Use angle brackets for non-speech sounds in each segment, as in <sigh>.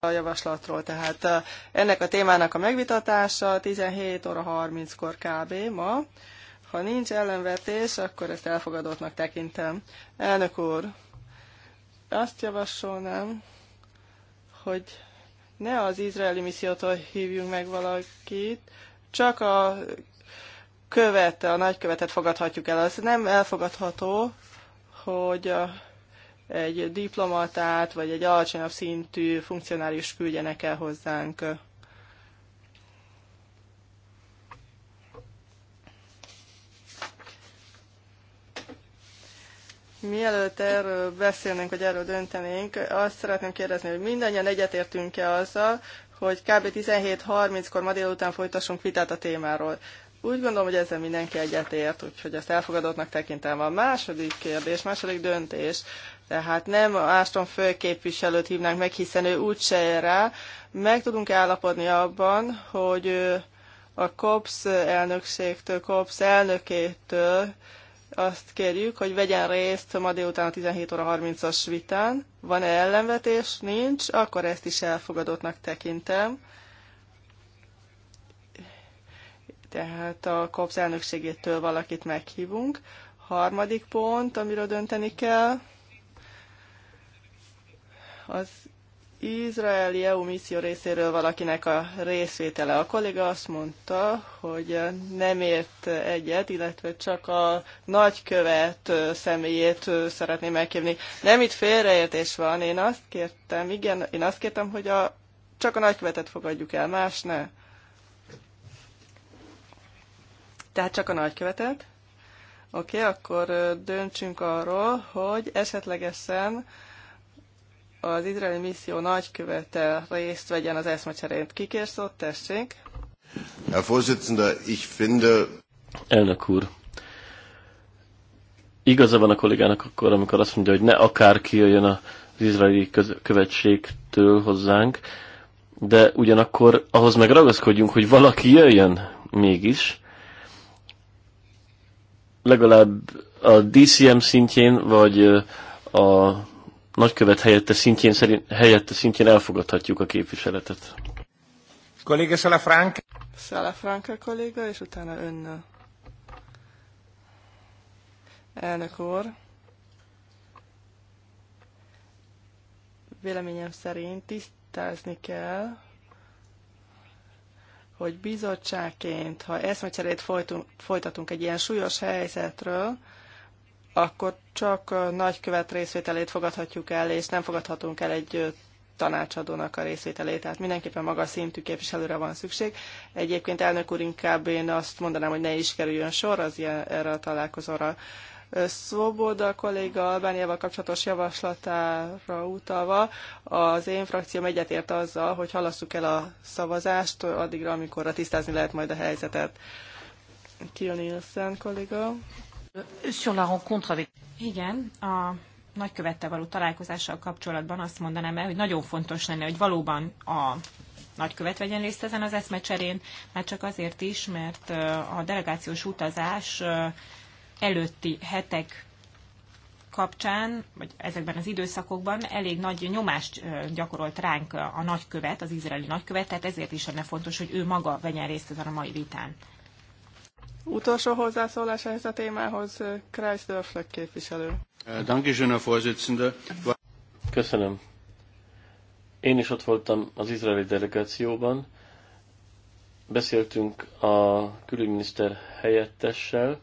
a javaslatról. Tehát ennek a témának a megvitatása 17 óra 30-kor kb. ma. Ha nincs ellenvetés, akkor ezt elfogadottnak tekintem. Elnök úr, azt javasolnám, hogy ne az izraeli missziótól hívjunk meg valakit, csak a követ, a nagykövetet fogadhatjuk el. Ez nem elfogadható, hogy a egy diplomatát, vagy egy alacsonyabb szintű funkcionális küldjenek el hozzánk. Mielőtt erről beszélnénk, vagy erről döntenénk, azt szeretném kérdezni, hogy mindannyian egyetértünk-e azzal, hogy kb. 17.30-kor ma délután folytassunk vitát a témáról. Úgy gondolom, hogy ezzel mindenki egyetért, úgyhogy ezt elfogadottnak tekintem. A második kérdés, második döntés, tehát nem Ashton főképviselőt hívnánk meg, hiszen ő úgyse ér rá. Meg tudunk állapodni abban, hogy a COPS elnökségtől, COPS elnökétől azt kérjük, hogy vegyen részt ma délután a 17 óra 30-as vitán. Van-e ellenvetés? Nincs. Akkor ezt is elfogadottnak tekintem. Tehát a COPS elnökségétől valakit meghívunk. Harmadik pont, amiről dönteni kell az izraeli EU misszió részéről valakinek a részvétele. A kolléga azt mondta, hogy nem ért egyet, illetve csak a nagykövet személyét szeretném megkívni. Nem itt félreértés van, én azt kértem, igen, én azt kértem, hogy a, csak a nagykövetet fogadjuk el, más ne. Tehát csak a nagykövetet. Oké, okay, akkor döntsünk arról, hogy esetlegesen az izraeli misszió nagykövete részt vegyen az eszmecserét. Kikér szót, tessék? Herr Vorsitzender, ich finde... Elnök úr, igaza van a kollégának akkor, amikor azt mondja, hogy ne akárki jöjjön az izraeli követségtől hozzánk, de ugyanakkor ahhoz meg ragaszkodjunk, hogy valaki jöjjön mégis, legalább a DCM szintjén, vagy a nagykövet helyette szintjén, szerint, helyette szintjén elfogadhatjuk a képviseletet. Kolléga Salafranca. Salafranca kolléga, és utána önnel. Elnök úr. Véleményem szerint tisztázni kell, hogy bizottságként, ha eszmecserét folytunk, folytatunk egy ilyen súlyos helyzetről, akkor csak a nagykövet részvételét fogadhatjuk el, és nem fogadhatunk el egy tanácsadónak a részvételét, tehát mindenképpen magas szintű képviselőre van szükség. Egyébként elnök úr inkább én azt mondanám, hogy ne is kerüljön sor az ilyen, erre a találkozóra. a kolléga Albániával kapcsolatos javaslatára utalva, az én frakcióm egyetért azzal, hogy halasszuk el a szavazást addigra, amikor tisztázni lehet majd a helyzetet. Kion Nielsen kolléga. Sur la rencontre avec... Igen, a nagykövettel való találkozással kapcsolatban azt mondanám el, hogy nagyon fontos lenne, hogy valóban a nagykövet vegyen részt ezen az eszmecserén, már csak azért is, mert a delegációs utazás előtti hetek kapcsán, vagy ezekben az időszakokban elég nagy nyomást gyakorolt ránk a nagykövet, az izraeli nagykövet, tehát ezért is lenne fontos, hogy ő maga vegyen részt ezen a mai vitán. Utolsó hozzászólás ehhez a témához, Kreis Dörflek képviselő. Köszönöm. Én is ott voltam az izraeli delegációban. Beszéltünk a külügyminiszter helyettessel,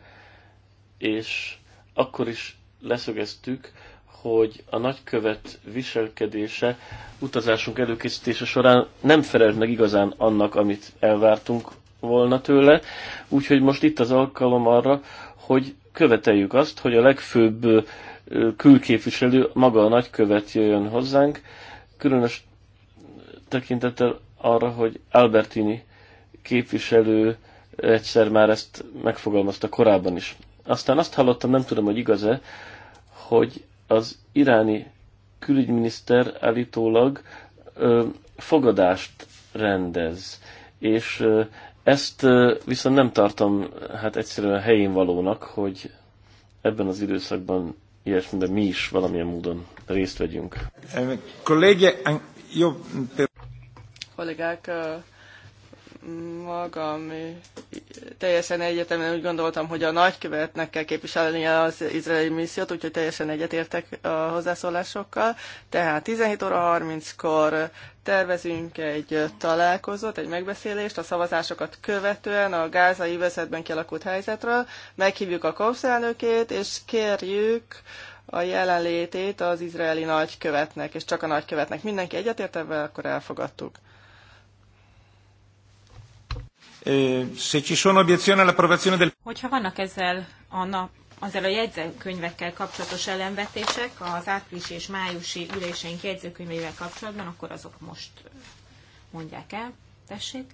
és akkor is leszögeztük, hogy a nagykövet viselkedése utazásunk előkészítése során nem felelt meg igazán annak, amit elvártunk volna tőle, úgyhogy most itt az alkalom arra, hogy követeljük azt, hogy a legfőbb külképviselő, maga a nagykövet jöjjön hozzánk, különös tekintettel arra, hogy Albertini képviselő egyszer már ezt megfogalmazta korábban is. Aztán azt hallottam, nem tudom, hogy igaz-e, hogy az iráni külügyminiszter állítólag ö, fogadást rendez, és ö, ezt viszont nem tartom hát egyszerűen helyén valónak, hogy ebben az időszakban ilyesmiben mi is valamilyen módon részt vegyünk. Kollégák, magam teljesen egyetemen úgy gondoltam, hogy a nagykövetnek kell képviselnie az izraeli missziót, úgyhogy teljesen egyetértek a hozzászólásokkal. Tehát 17 óra 30-kor tervezünk egy találkozót, egy megbeszélést a szavazásokat követően a gázai vezetben kialakult helyzetről. Meghívjuk a KOPSZ és kérjük a jelenlétét az izraeli nagykövetnek, és csak a nagykövetnek. Mindenki egyetért ebben, akkor elfogadtuk. Eh, Hogyha vannak ezzel a nap, azzal a jegyzőkönyvekkel kapcsolatos ellenvetések az április és májusi üléseink jegyzőkönyveivel kapcsolatban, akkor azok most eh, mondják el. Tessék.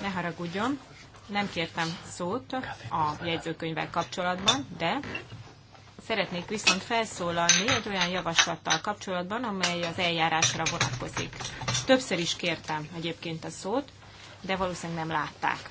Ne haragudjon, nem kértem szót a jegyzőkönyvvel kapcsolatban, de Szeretnék viszont felszólalni egy olyan javaslattal kapcsolatban, amely az eljárásra vonatkozik. Többször is kértem egyébként a szót, de valószínűleg nem látták.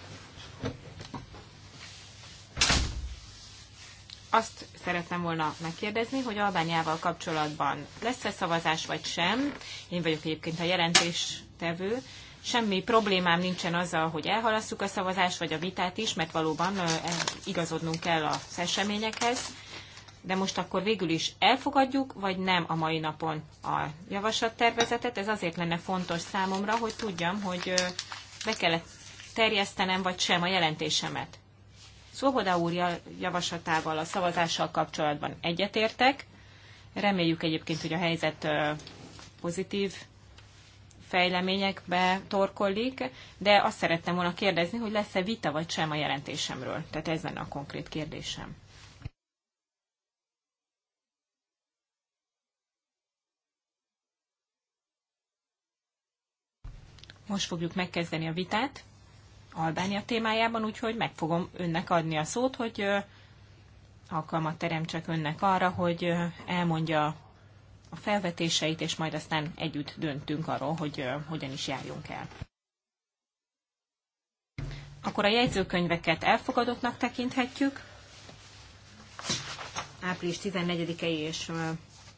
Azt szeretném volna megkérdezni, hogy Albániával kapcsolatban lesz-e szavazás vagy sem. Én vagyok egyébként a jelentéstevő. Semmi problémám nincsen azzal, hogy elhalasszuk a szavazást vagy a vitát is, mert valóban igazodnunk kell az eseményekhez de most akkor végül is elfogadjuk, vagy nem a mai napon a javaslattervezetet. Ez azért lenne fontos számomra, hogy tudjam, hogy be kellett terjesztenem, vagy sem a jelentésemet. Szoboda úr javaslatával, a szavazással kapcsolatban egyetértek. Reméljük egyébként, hogy a helyzet pozitív fejleményekbe torkollik, de azt szerettem volna kérdezni, hogy lesz-e vita vagy sem a jelentésemről. Tehát ez lenne a konkrét kérdésem. Most fogjuk megkezdeni a vitát Albánia témájában, úgyhogy meg fogom önnek adni a szót, hogy alkalmat teremtsek önnek arra, hogy elmondja a felvetéseit, és majd aztán együtt döntünk arról, hogy hogyan is járjunk el. Akkor a jegyzőkönyveket elfogadottnak tekinthetjük. Április 14-i és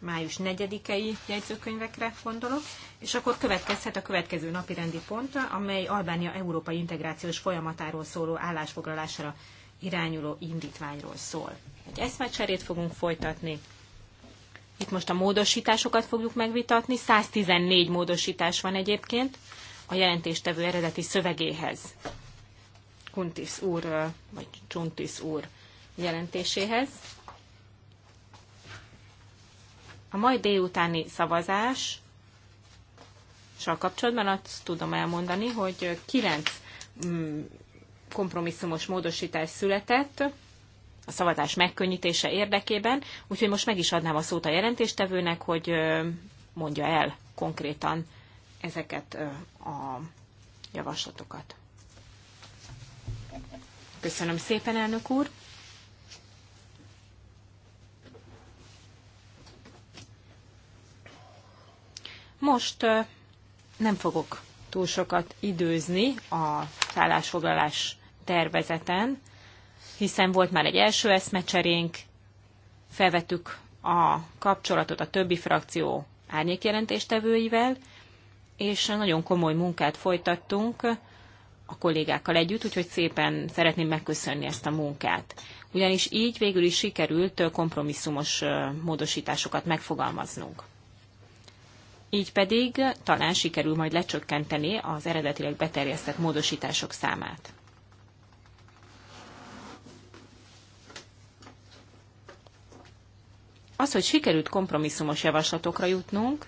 május 4-i jegyzőkönyvekre gondolok, és akkor következhet a következő napi rendi pont, amely Albánia európai integrációs folyamatáról szóló állásfoglalásra irányuló indítványról szól. Egy eszmecserét fogunk folytatni. Itt most a módosításokat fogjuk megvitatni. 114 módosítás van egyébként a jelentéstevő eredeti szövegéhez. Kuntis úr, vagy Csuntis úr jelentéséhez. A mai délutáni szavazás kapcsolatban azt tudom elmondani, hogy kilenc mm, kompromisszumos módosítás született a szavazás megkönnyítése érdekében, úgyhogy most meg is adnám a szót a jelentéstevőnek, hogy mondja el konkrétan ezeket a javaslatokat. Köszönöm szépen, elnök úr! Most nem fogok túl sokat időzni a szállásfoglalás tervezeten, hiszen volt már egy első eszmecserénk, felvettük a kapcsolatot a többi frakció árnyékjelentéstevőivel, és nagyon komoly munkát folytattunk a kollégákkal együtt, úgyhogy szépen szeretném megköszönni ezt a munkát. Ugyanis így végül is sikerült kompromisszumos módosításokat megfogalmaznunk így pedig talán sikerül majd lecsökkenteni az eredetileg beterjesztett módosítások számát. Az, hogy sikerült kompromisszumos javaslatokra jutnunk,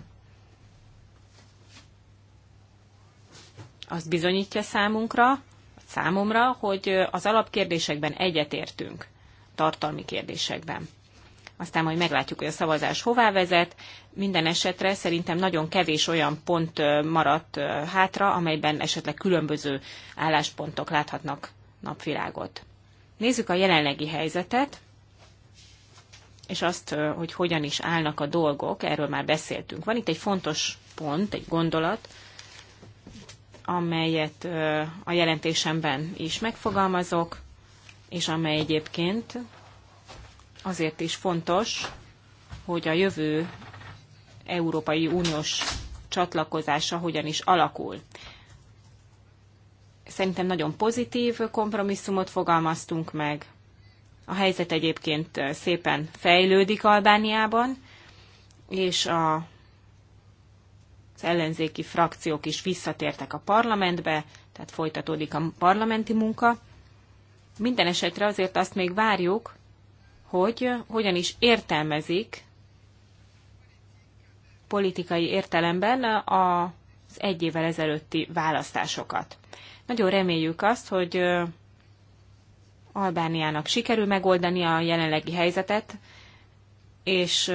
az bizonyítja számunkra, számomra, hogy az alapkérdésekben egyetértünk, tartalmi kérdésekben aztán majd meglátjuk, hogy a szavazás hová vezet. Minden esetre szerintem nagyon kevés olyan pont maradt hátra, amelyben esetleg különböző álláspontok láthatnak napvilágot. Nézzük a jelenlegi helyzetet, és azt, hogy hogyan is állnak a dolgok, erről már beszéltünk. Van itt egy fontos pont, egy gondolat, amelyet a jelentésemben is megfogalmazok, és amely egyébként azért is fontos, hogy a jövő Európai Uniós csatlakozása hogyan is alakul. Szerintem nagyon pozitív kompromisszumot fogalmaztunk meg. A helyzet egyébként szépen fejlődik Albániában, és a, az ellenzéki frakciók is visszatértek a parlamentbe, tehát folytatódik a parlamenti munka. Minden esetre azért azt még várjuk, hogy hogyan is értelmezik politikai értelemben az egy évvel ezelőtti választásokat. Nagyon reméljük azt, hogy Albániának sikerül megoldani a jelenlegi helyzetet, és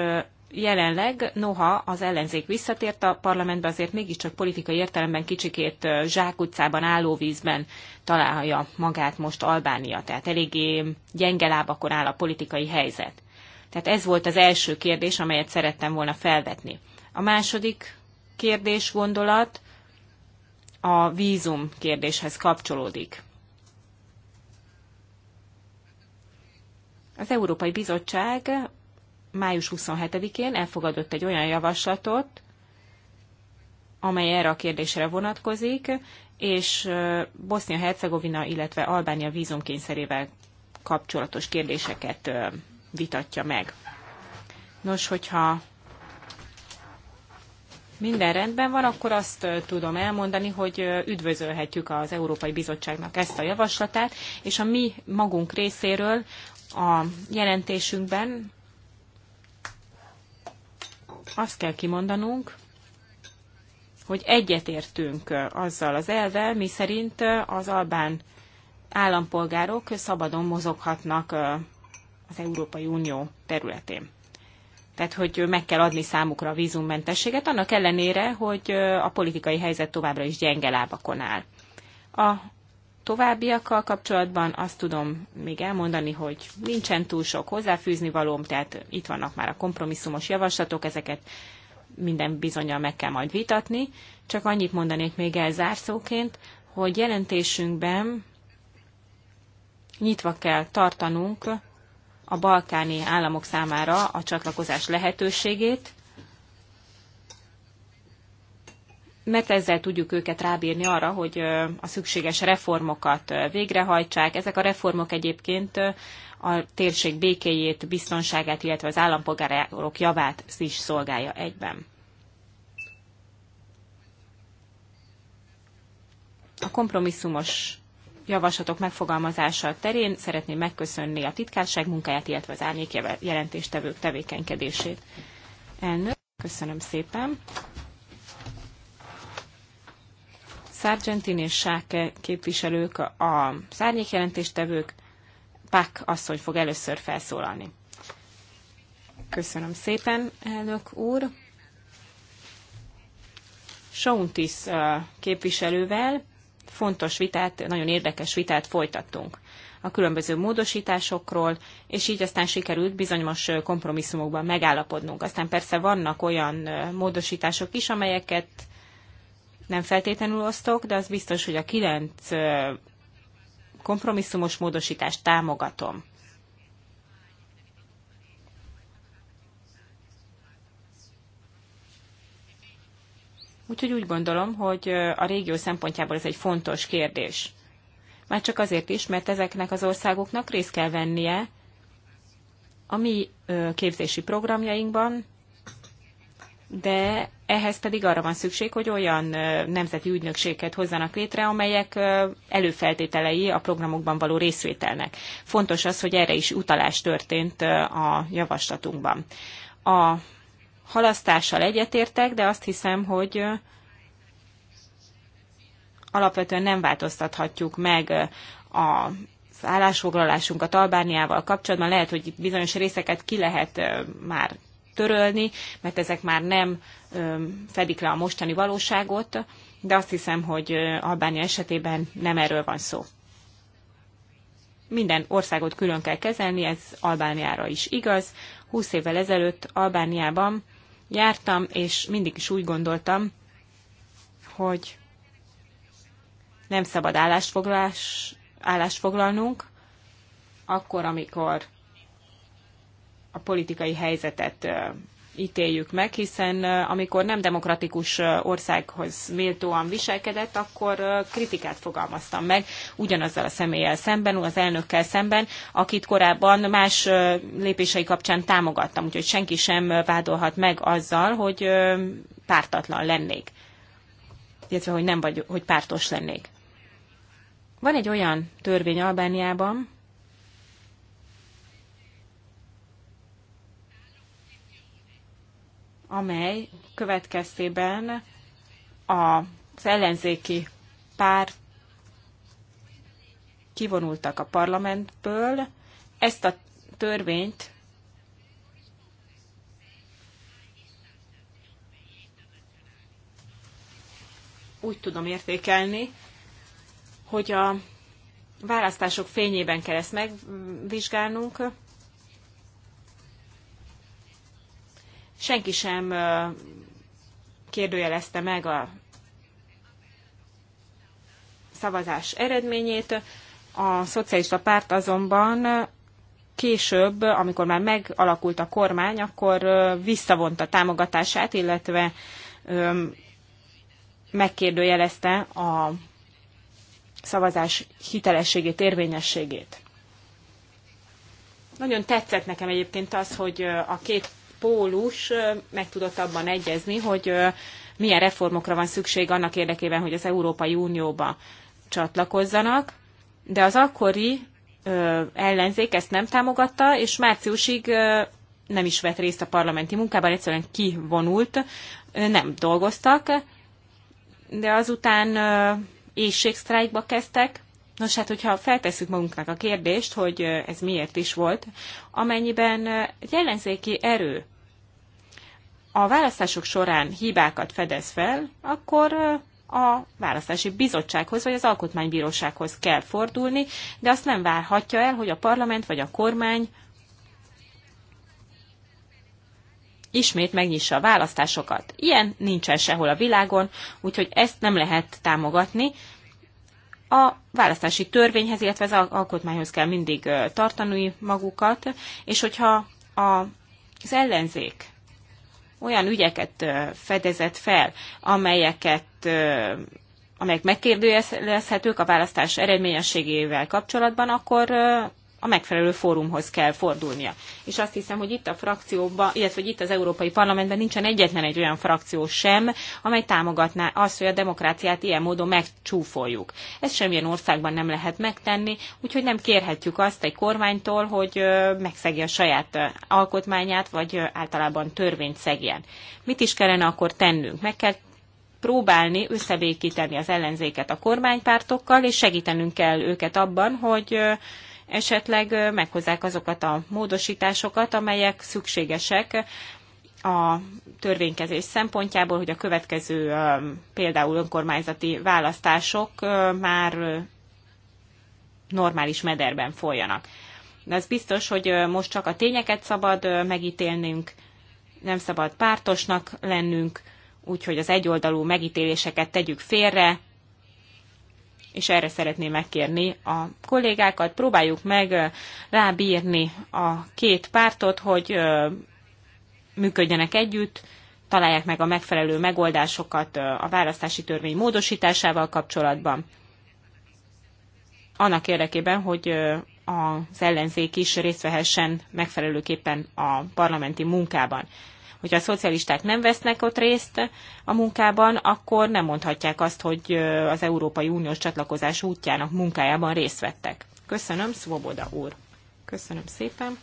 jelenleg, noha az ellenzék visszatért a parlamentbe, azért mégiscsak politikai értelemben kicsikét zsákutcában, állóvízben találja magát most Albánia. Tehát eléggé gyenge lábakon áll a politikai helyzet. Tehát ez volt az első kérdés, amelyet szerettem volna felvetni. A második kérdés, gondolat a vízum kérdéshez kapcsolódik. Az Európai Bizottság május 27-én elfogadott egy olyan javaslatot, amely erre a kérdésre vonatkozik, és Bosznia-Hercegovina, illetve Albánia vízumkényszerével kapcsolatos kérdéseket vitatja meg. Nos, hogyha minden rendben van, akkor azt tudom elmondani, hogy üdvözölhetjük az Európai Bizottságnak ezt a javaslatát, és a mi magunk részéről a jelentésünkben azt kell kimondanunk, hogy egyetértünk azzal az elvel, mi szerint az albán állampolgárok szabadon mozoghatnak az Európai Unió területén. Tehát, hogy meg kell adni számukra a vízummentességet, annak ellenére, hogy a politikai helyzet továbbra is gyenge lábakon áll. A továbbiakkal kapcsolatban azt tudom még elmondani, hogy nincsen túl sok hozzáfűzni valóm, tehát itt vannak már a kompromisszumos javaslatok, ezeket minden bizonyal meg kell majd vitatni. Csak annyit mondanék még el zárszóként, hogy jelentésünkben nyitva kell tartanunk a balkáni államok számára a csatlakozás lehetőségét, mert ezzel tudjuk őket rábírni arra, hogy a szükséges reformokat végrehajtsák. Ezek a reformok egyébként a térség békéjét, biztonságát, illetve az állampolgárok javát is szolgálja egyben. A kompromisszumos javaslatok megfogalmazása terén szeretném megköszönni a titkárság munkáját, illetve az árnyék jelentéstevők tevékenykedését. Elnök, köszönöm szépen. Sargentin és Sáke képviselők, a szárnyékjelentéstevők, Pak asszony fog először felszólalni. Köszönöm szépen, elnök úr. Sauntis képviselővel fontos vitát, nagyon érdekes vitát folytattunk a különböző módosításokról, és így aztán sikerült bizonyos kompromisszumokban megállapodnunk. Aztán persze vannak olyan módosítások is, amelyeket nem feltétlenül osztok, de az biztos, hogy a kilenc kompromisszumos módosítást támogatom. Úgyhogy úgy gondolom, hogy a régió szempontjából ez egy fontos kérdés. Már csak azért is, mert ezeknek az országoknak részt kell vennie a mi képzési programjainkban, de ehhez pedig arra van szükség, hogy olyan nemzeti ügynökséget hozzanak létre, amelyek előfeltételei a programokban való részvételnek. Fontos az, hogy erre is utalás történt a javaslatunkban. A halasztással egyetértek, de azt hiszem, hogy alapvetően nem változtathatjuk meg a állásfoglalásunkat Albániával kapcsolatban. Lehet, hogy bizonyos részeket ki lehet már törölni, mert ezek már nem fedik le a mostani valóságot, de azt hiszem, hogy Albánia esetében nem erről van szó. Minden országot külön kell kezelni, ez Albániára is igaz. 20 évvel ezelőtt Albániában jártam, és mindig is úgy gondoltam, hogy nem szabad állásfoglalás, állásfoglalnunk, akkor, amikor a politikai helyzetet ítéljük meg, hiszen amikor nem demokratikus országhoz méltóan viselkedett, akkor kritikát fogalmaztam meg ugyanazzal a személlyel szemben, az elnökkel szemben, akit korábban más lépései kapcsán támogattam, úgyhogy senki sem vádolhat meg azzal, hogy pártatlan lennék, illetve hogy nem vagy, hogy pártos lennék. Van egy olyan törvény Albániában, amely következtében az ellenzéki pár kivonultak a parlamentből. Ezt a törvényt úgy tudom értékelni, hogy a választások fényében kell ezt megvizsgálnunk, senki sem kérdőjelezte meg a szavazás eredményét. A szocialista párt azonban később, amikor már megalakult a kormány, akkor visszavonta támogatását, illetve megkérdőjelezte a szavazás hitelességét, érvényességét. Nagyon tetszett nekem egyébként az, hogy a két pólus meg tudott abban egyezni, hogy milyen reformokra van szükség annak érdekében, hogy az Európai Unióba csatlakozzanak, de az akkori ellenzék ezt nem támogatta, és márciusig nem is vett részt a parlamenti munkában, egyszerűen kivonult, nem dolgoztak, de azután éjségsztrájkba kezdtek. Nos, hát hogyha feltesszük magunknak a kérdést, hogy ez miért is volt, amennyiben egy ellenzéki erő a választások során hibákat fedez fel, akkor a választási bizottsághoz vagy az alkotmánybírósághoz kell fordulni, de azt nem várhatja el, hogy a parlament vagy a kormány ismét megnyissa a választásokat. Ilyen nincsen sehol a világon, úgyhogy ezt nem lehet támogatni. A választási törvényhez, illetve az alkotmányhoz kell mindig tartani magukat, és hogyha az ellenzék olyan ügyeket fedezett fel, amelyeket amelyek megkérdőjelezhetők a választás eredményességével kapcsolatban, akkor a megfelelő fórumhoz kell fordulnia. És azt hiszem, hogy itt a frakcióban, illetve hogy itt az Európai Parlamentben nincsen egyetlen egy olyan frakció sem, amely támogatná azt, hogy a demokráciát ilyen módon megcsúfoljuk. Ezt semmilyen országban nem lehet megtenni, úgyhogy nem kérhetjük azt egy kormánytól, hogy megszegje a saját alkotmányát, vagy általában törvényt szegjen. Mit is kellene akkor tennünk? Meg kell próbálni összebékíteni az ellenzéket a kormánypártokkal, és segítenünk kell őket abban, hogy esetleg meghozzák azokat a módosításokat, amelyek szükségesek a törvénykezés szempontjából, hogy a következő például önkormányzati választások már normális mederben folyjanak. De az biztos, hogy most csak a tényeket szabad megítélnünk, nem szabad pártosnak lennünk, úgyhogy az egyoldalú megítéléseket tegyük félre, és erre szeretném megkérni a kollégákat. Próbáljuk meg rábírni a két pártot, hogy működjenek együtt, találják meg a megfelelő megoldásokat a választási törvény módosításával kapcsolatban. Annak érdekében, hogy az ellenzék is részt vehessen megfelelőképpen a parlamenti munkában hogyha a szocialisták nem vesznek ott részt a munkában, akkor nem mondhatják azt, hogy az Európai Uniós csatlakozás útjának munkájában részt vettek. Köszönöm, Svoboda úr. Köszönöm szépen.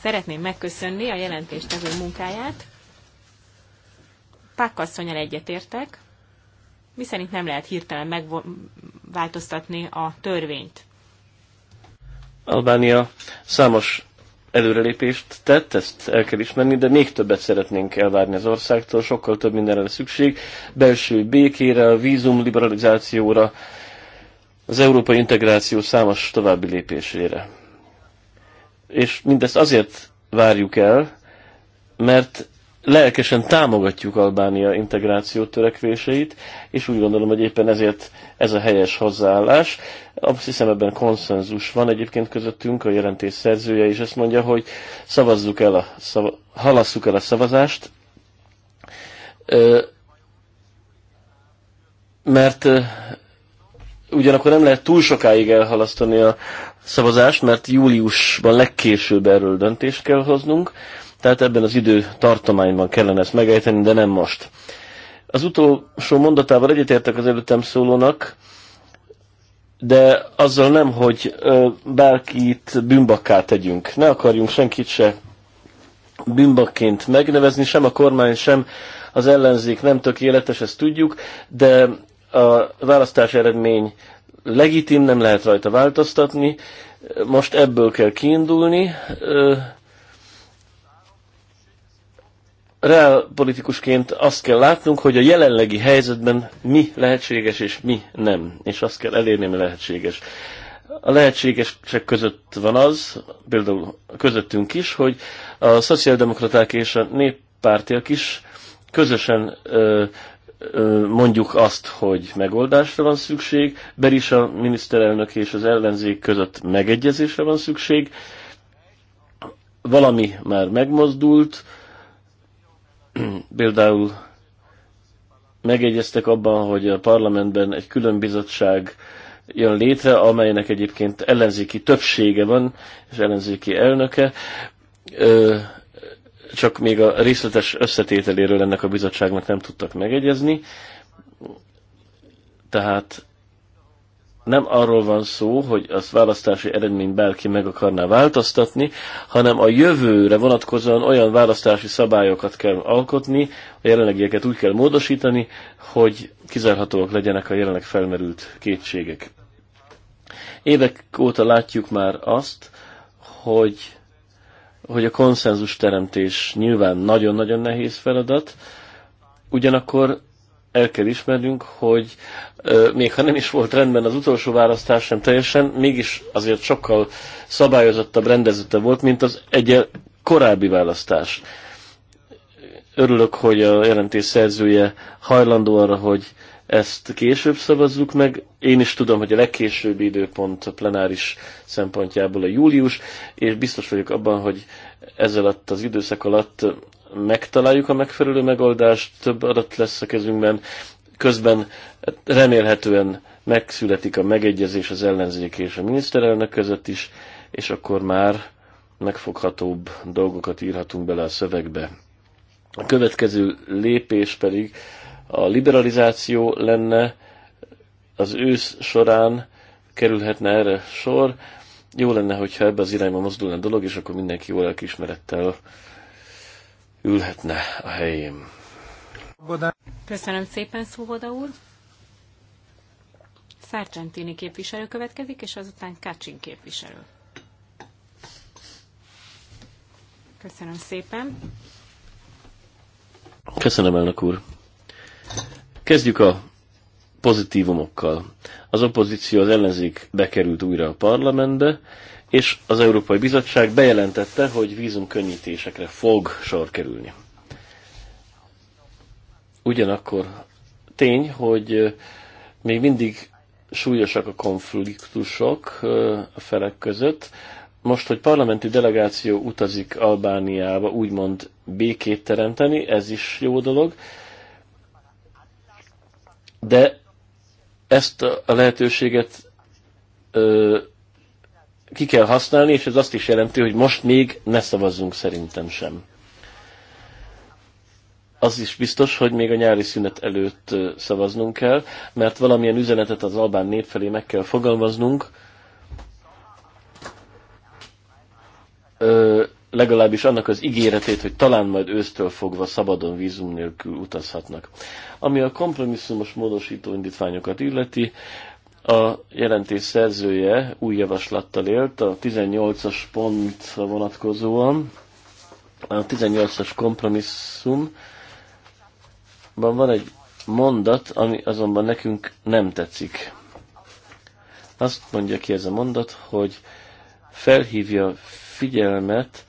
Szeretném megköszönni a jelentéstevő munkáját. Pákasszonyal egyetértek, miszerint nem lehet hirtelen megváltoztatni a törvényt. Albánia számos előrelépést tett, ezt el kell ismerni, de még többet szeretnénk elvárni az országtól, sokkal több mindenre szükség, belső békére, vízum liberalizációra, az európai integráció számos további lépésére. És mindezt azért várjuk el, mert lelkesen támogatjuk Albánia integráció törekvéseit, és úgy gondolom, hogy éppen ezért ez a helyes hozzáállás. Azt hiszem ebben konszenzus van egyébként közöttünk, a jelentés szerzője is ezt mondja, hogy szavazzuk el a szav- halasszuk el a szavazást, mert ugyanakkor nem lehet túl sokáig elhalasztani a szavazást, mert júliusban legkésőbb erről döntést kell hoznunk, tehát ebben az idő tartományban kellene ezt megejteni, de nem most. Az utolsó mondatával egyetértek az előttem szólónak, de azzal nem, hogy bárkit bűnbakká tegyünk. Ne akarjunk senkit se bűnbakként megnevezni, sem a kormány, sem az ellenzék nem tökéletes, ezt tudjuk, de a választás eredmény legitim, nem lehet rajta változtatni. Most ebből kell kiindulni, reál politikusként azt kell látnunk, hogy a jelenlegi helyzetben mi lehetséges és mi nem. És azt kell elérni, mi lehetséges. A lehetségesek között van az, például közöttünk is, hogy a szociáldemokraták és a néppártiak is közösen ö, ö, mondjuk azt, hogy megoldásra van szükség, Berisa miniszterelnök és az ellenzék között megegyezésre van szükség, valami már megmozdult, Például megegyeztek abban, hogy a parlamentben egy külön bizottság jön létre, amelynek egyébként ellenzéki többsége van, és ellenzéki elnöke. Csak még a részletes összetételéről ennek a bizottságnak nem tudtak megegyezni. Tehát nem arról van szó, hogy az választási eredmény bárki meg akarná változtatni, hanem a jövőre vonatkozóan olyan választási szabályokat kell alkotni, a jelenlegieket úgy kell módosítani, hogy kizárhatóak legyenek a jelenleg felmerült kétségek. Évek óta látjuk már azt, hogy, hogy a konszenzus teremtés nyilván nagyon-nagyon nehéz feladat, ugyanakkor el kell ismernünk, hogy még ha nem is volt rendben az utolsó választás sem teljesen, mégis azért sokkal szabályozottabb, rendezettebb volt, mint az egyel korábbi választás. Örülök, hogy a jelentés szerzője hajlandó arra, hogy ezt később szavazzuk meg. Én is tudom, hogy a legkésőbbi időpont a plenáris szempontjából a július, és biztos vagyok abban, hogy ez alatt az időszak alatt megtaláljuk a megfelelő megoldást, több adat lesz a kezünkben, közben remélhetően megszületik a megegyezés az ellenzék és a miniszterelnök között is, és akkor már megfoghatóbb dolgokat írhatunk bele a szövegbe. A következő lépés pedig a liberalizáció lenne, az ősz során kerülhetne erre sor. Jó lenne, hogyha ebbe az irányba mozdulna a dolog, és akkor mindenki jó lelkiismerettel ülhetne a helyén. Köszönöm szépen, Szóvoda úr. Szárcsentini képviselő következik, és azután Kacsin képviselő. Köszönöm szépen. Köszönöm, elnök úr. Kezdjük a pozitívumokkal. Az opozíció, az ellenzék bekerült újra a parlamentbe, és az Európai Bizottság bejelentette, hogy vízumkönnyítésekre fog sor kerülni. Ugyanakkor tény, hogy még mindig súlyosak a konfliktusok a felek között. Most, hogy parlamenti delegáció utazik Albániába úgymond békét teremteni, ez is jó dolog, de ezt a lehetőséget ki kell használni, és ez azt is jelenti, hogy most még ne szavazzunk szerintem sem. Az is biztos, hogy még a nyári szünet előtt szavaznunk kell, mert valamilyen üzenetet az albán nép felé meg kell fogalmaznunk, Ö, legalábbis annak az ígéretét, hogy talán majd ősztől fogva szabadon vízum nélkül utazhatnak. Ami a kompromisszumos módosító indítványokat illeti, a jelentés szerzője új javaslattal élt a 18-as pont vonatkozóan. A 18-as kompromisszumban van egy mondat, ami azonban nekünk nem tetszik. Azt mondja ki ez a mondat, hogy felhívja figyelmet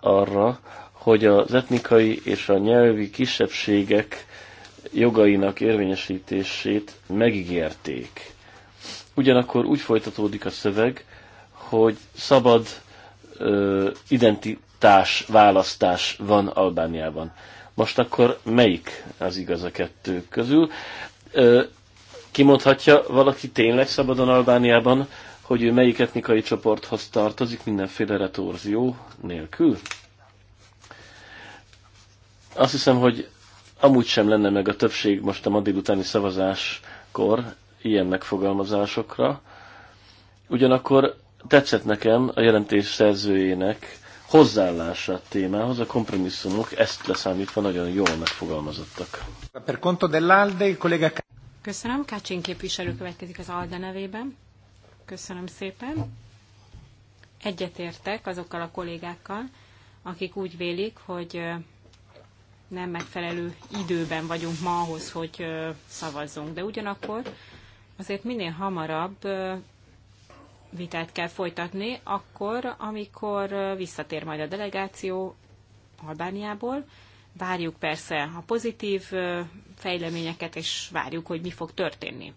arra, hogy az etnikai és a nyelvi kisebbségek jogainak érvényesítését megígérték ugyanakkor úgy folytatódik a szöveg, hogy szabad ö, identitás választás van Albániában. Most akkor melyik az igaz a kettő közül? Ö, kimondhatja valaki tényleg szabadon Albániában, hogy ő melyik etnikai csoporthoz tartozik mindenféle retorzió nélkül? Azt hiszem, hogy amúgy sem lenne meg a többség most a ma délutáni szavazáskor ilyen megfogalmazásokra. Ugyanakkor tetszett nekem a jelentés szerzőjének hozzáállása a témához, a kompromisszumok ezt leszámítva nagyon jól megfogalmazottak. Per conto dell'Alde, kollega... Köszönöm, Kácsin képviselő következik az ALDE nevében. Köszönöm szépen. Egyetértek azokkal a kollégákkal, akik úgy vélik, hogy nem megfelelő időben vagyunk ma ahhoz, hogy szavazzunk. De ugyanakkor azért minél hamarabb vitát kell folytatni, akkor, amikor visszatér majd a delegáció Albániából. Várjuk persze a pozitív fejleményeket, és várjuk, hogy mi fog történni.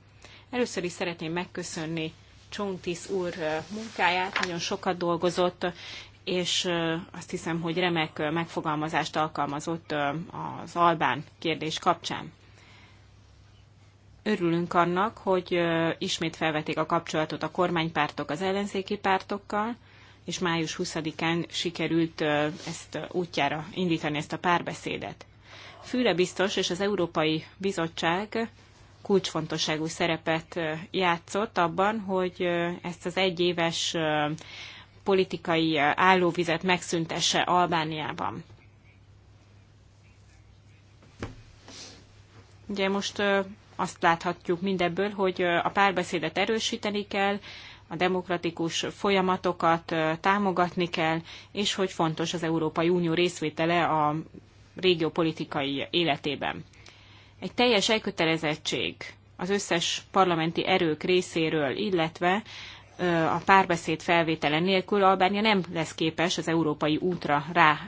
Először is szeretném megköszönni Csontis úr munkáját, nagyon sokat dolgozott, és azt hiszem, hogy remek megfogalmazást alkalmazott az Albán kérdés kapcsán. Örülünk annak, hogy ismét felvetik a kapcsolatot a kormánypártok az ellenzéki pártokkal, és május 20-án sikerült ezt útjára indítani ezt a párbeszédet. Fűre biztos és az Európai Bizottság kulcsfontosságú szerepet játszott abban, hogy ezt az egyéves politikai állóvizet megszüntesse Albániában. Ugye most azt láthatjuk mindebből, hogy a párbeszédet erősíteni kell, a demokratikus folyamatokat támogatni kell, és hogy fontos az Európai Unió részvétele a régió politikai életében. Egy teljes elkötelezettség az összes parlamenti erők részéről, illetve a párbeszéd felvétele nélkül Albánia nem lesz képes az európai útra rá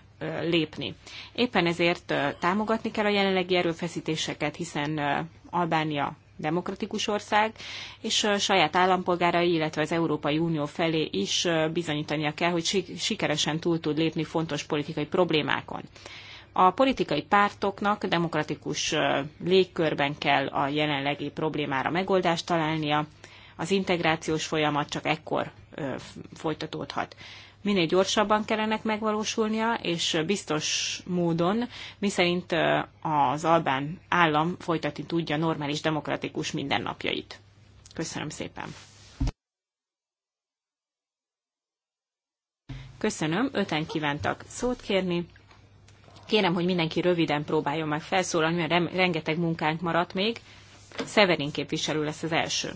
lépni. Éppen ezért támogatni kell a jelenlegi erőfeszítéseket, hiszen Albánia demokratikus ország, és saját állampolgárai, illetve az Európai Unió felé is bizonyítania kell, hogy sikeresen túl tud lépni fontos politikai problémákon. A politikai pártoknak demokratikus légkörben kell a jelenlegi problémára megoldást találnia, az integrációs folyamat csak ekkor folytatódhat minél gyorsabban kellene megvalósulnia, és biztos módon, miszerint az albán állam folytatni tudja normális, demokratikus mindennapjait. Köszönöm szépen! Köszönöm, öten kívántak szót kérni. Kérem, hogy mindenki röviden próbáljon meg felszólalni, mert rengeteg munkánk maradt még. Szeverin képviselő lesz az első.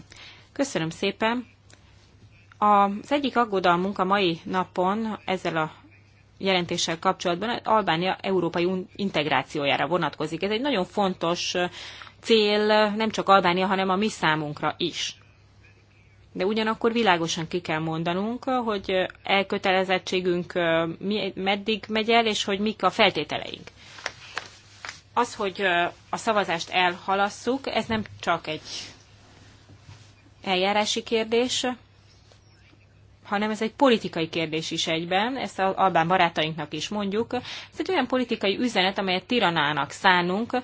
Köszönöm szépen. Az egyik aggodalmunk a mai napon ezzel a jelentéssel kapcsolatban Albánia európai integrációjára vonatkozik. Ez egy nagyon fontos cél nem csak Albánia, hanem a mi számunkra is. De ugyanakkor világosan ki kell mondanunk, hogy elkötelezettségünk meddig megy el, és hogy mik a feltételeink. Az, hogy a szavazást elhalasszuk, ez nem csak egy eljárási kérdés, hanem ez egy politikai kérdés is egyben, ezt az albán barátainknak is mondjuk. Ez egy olyan politikai üzenet, amelyet tiranának szánunk,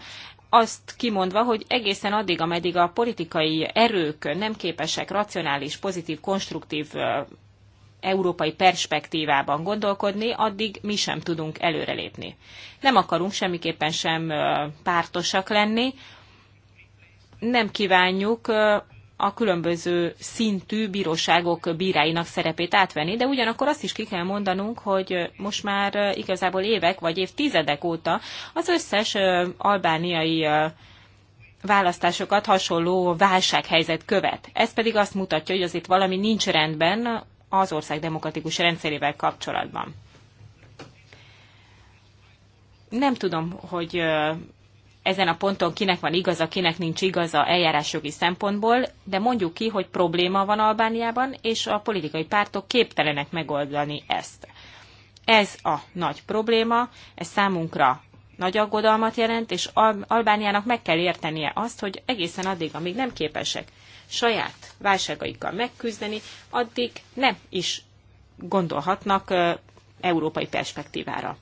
azt kimondva, hogy egészen addig, ameddig a politikai erők nem képesek racionális, pozitív, konstruktív európai perspektívában gondolkodni, addig mi sem tudunk előrelépni. Nem akarunk semmiképpen sem pártosak lenni, nem kívánjuk a különböző szintű bíróságok bíráinak szerepét átvenni, de ugyanakkor azt is ki kell mondanunk, hogy most már igazából évek vagy évtizedek óta az összes albániai választásokat hasonló válsághelyzet követ. Ez pedig azt mutatja, hogy az itt valami nincs rendben az ország demokratikus rendszerével kapcsolatban. Nem tudom, hogy ezen a ponton kinek van igaza, kinek nincs igaza eljárásjogi szempontból, de mondjuk ki, hogy probléma van Albániában, és a politikai pártok képtelenek megoldani ezt. Ez a nagy probléma, ez számunkra nagy aggodalmat jelent, és Albániának meg kell értenie azt, hogy egészen addig, amíg nem képesek saját válságaikkal megküzdeni, addig nem is gondolhatnak európai perspektívára.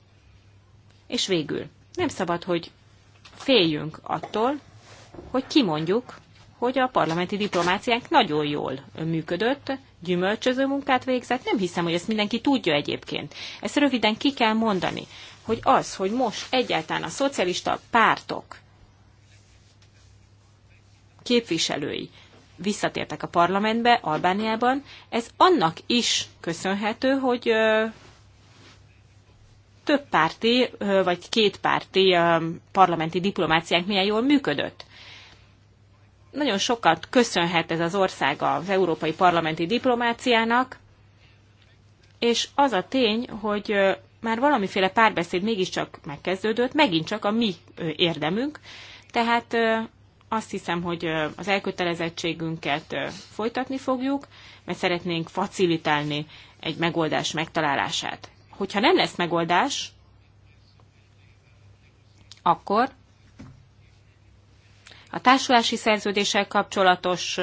És végül, nem szabad, hogy féljünk attól, hogy kimondjuk, hogy a parlamenti diplomáciánk nagyon jól működött, gyümölcsöző munkát végzett. Nem hiszem, hogy ezt mindenki tudja egyébként. Ezt röviden ki kell mondani, hogy az, hogy most egyáltalán a szocialista pártok képviselői visszatértek a parlamentbe Albániában, ez annak is köszönhető, hogy több párti, vagy két párti parlamenti diplomáciánk milyen jól működött. Nagyon sokat köszönhet ez az ország az európai parlamenti diplomáciának, és az a tény, hogy már valamiféle párbeszéd mégiscsak megkezdődött, megint csak a mi érdemünk, tehát azt hiszem, hogy az elkötelezettségünket folytatni fogjuk, mert szeretnénk facilitálni egy megoldás megtalálását hogyha nem lesz megoldás, akkor a társulási szerződéssel kapcsolatos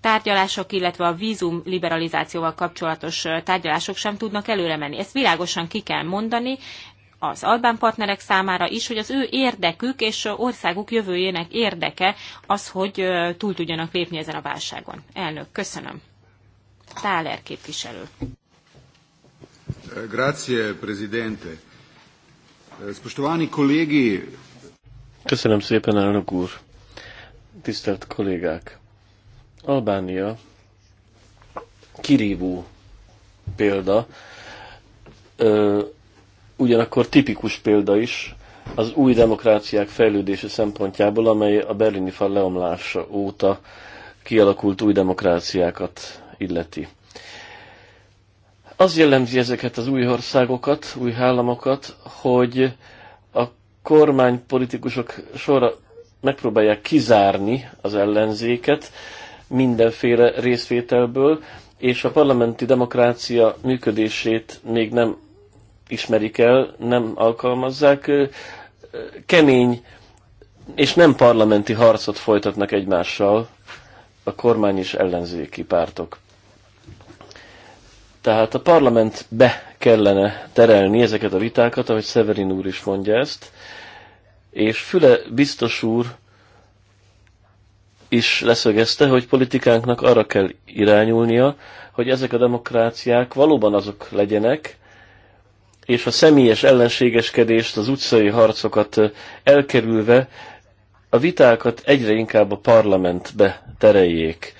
tárgyalások, illetve a vízum liberalizációval kapcsolatos tárgyalások sem tudnak előre menni. Ezt világosan ki kell mondani az albán partnerek számára is, hogy az ő érdekük és országuk jövőjének érdeke az, hogy túl tudjanak lépni ezen a válságon. Elnök, köszönöm. Táler képviselő. Grazie, prezidente. Eh, spoštovani kollégi! Köszönöm szépen, elnök úr! Tisztelt kollégák! Albánia kirívó példa, ö, ugyanakkor tipikus példa is az új demokráciák fejlődése szempontjából, amely a berlini fal leomlása óta kialakult új demokráciákat illeti. Az jellemzi ezeket az új országokat, új államokat, hogy a kormánypolitikusok sorra megpróbálják kizárni az ellenzéket mindenféle részvételből, és a parlamenti demokrácia működését még nem ismerik el, nem alkalmazzák, kemény és nem parlamenti harcot folytatnak egymással a kormány és ellenzéki pártok. Tehát a parlament be kellene terelni ezeket a vitákat, ahogy Severin úr is mondja ezt, és Füle biztos úr is leszögezte, hogy politikánknak arra kell irányulnia, hogy ezek a demokráciák valóban azok legyenek, és a személyes ellenségeskedést, az utcai harcokat elkerülve a vitákat egyre inkább a parlamentbe tereljék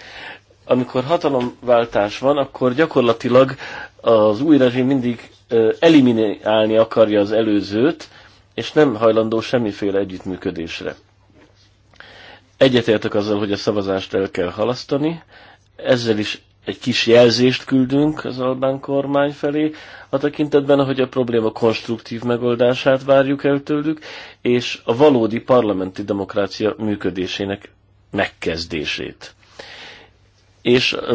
amikor hatalomváltás van, akkor gyakorlatilag az új rezsim mindig eliminálni akarja az előzőt, és nem hajlandó semmiféle együttműködésre. Egyetértek azzal, hogy a szavazást el kell halasztani, ezzel is egy kis jelzést küldünk az albán kormány felé, a tekintetben, hogy a probléma konstruktív megoldását várjuk el tőlük, és a valódi parlamenti demokrácia működésének megkezdését és a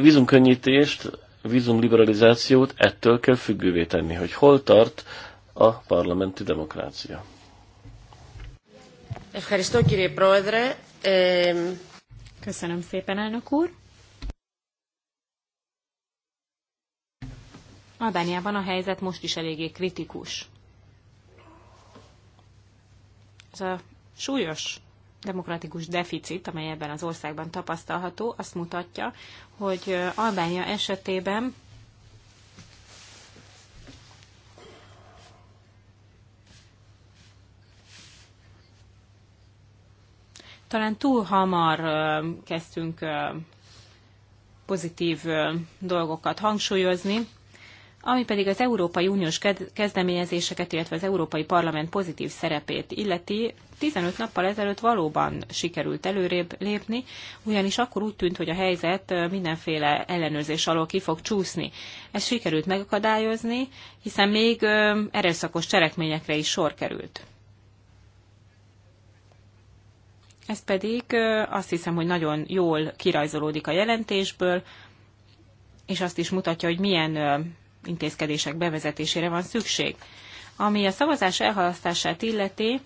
vízumkönnyítést, vízumliberalizációt ettől kell függővé tenni, hogy hol tart a parlamenti demokrácia. Köszönöm szépen, elnök úr! Albániában a helyzet most is eléggé kritikus. Ez a súlyos demokratikus deficit, amely ebben az országban tapasztalható, azt mutatja, hogy Albánia esetében talán túl hamar kezdtünk pozitív dolgokat hangsúlyozni, ami pedig az Európai Uniós kezdeményezéseket, illetve az Európai Parlament pozitív szerepét illeti, 15 nappal ezelőtt valóban sikerült előrébb lépni, ugyanis akkor úgy tűnt, hogy a helyzet mindenféle ellenőrzés alól ki fog csúszni. Ezt sikerült megakadályozni, hiszen még erőszakos cselekményekre is sor került. Ez pedig azt hiszem, hogy nagyon jól kirajzolódik a jelentésből, és azt is mutatja, hogy milyen intézkedések bevezetésére van szükség. Ami a szavazás elhalasztását illeti,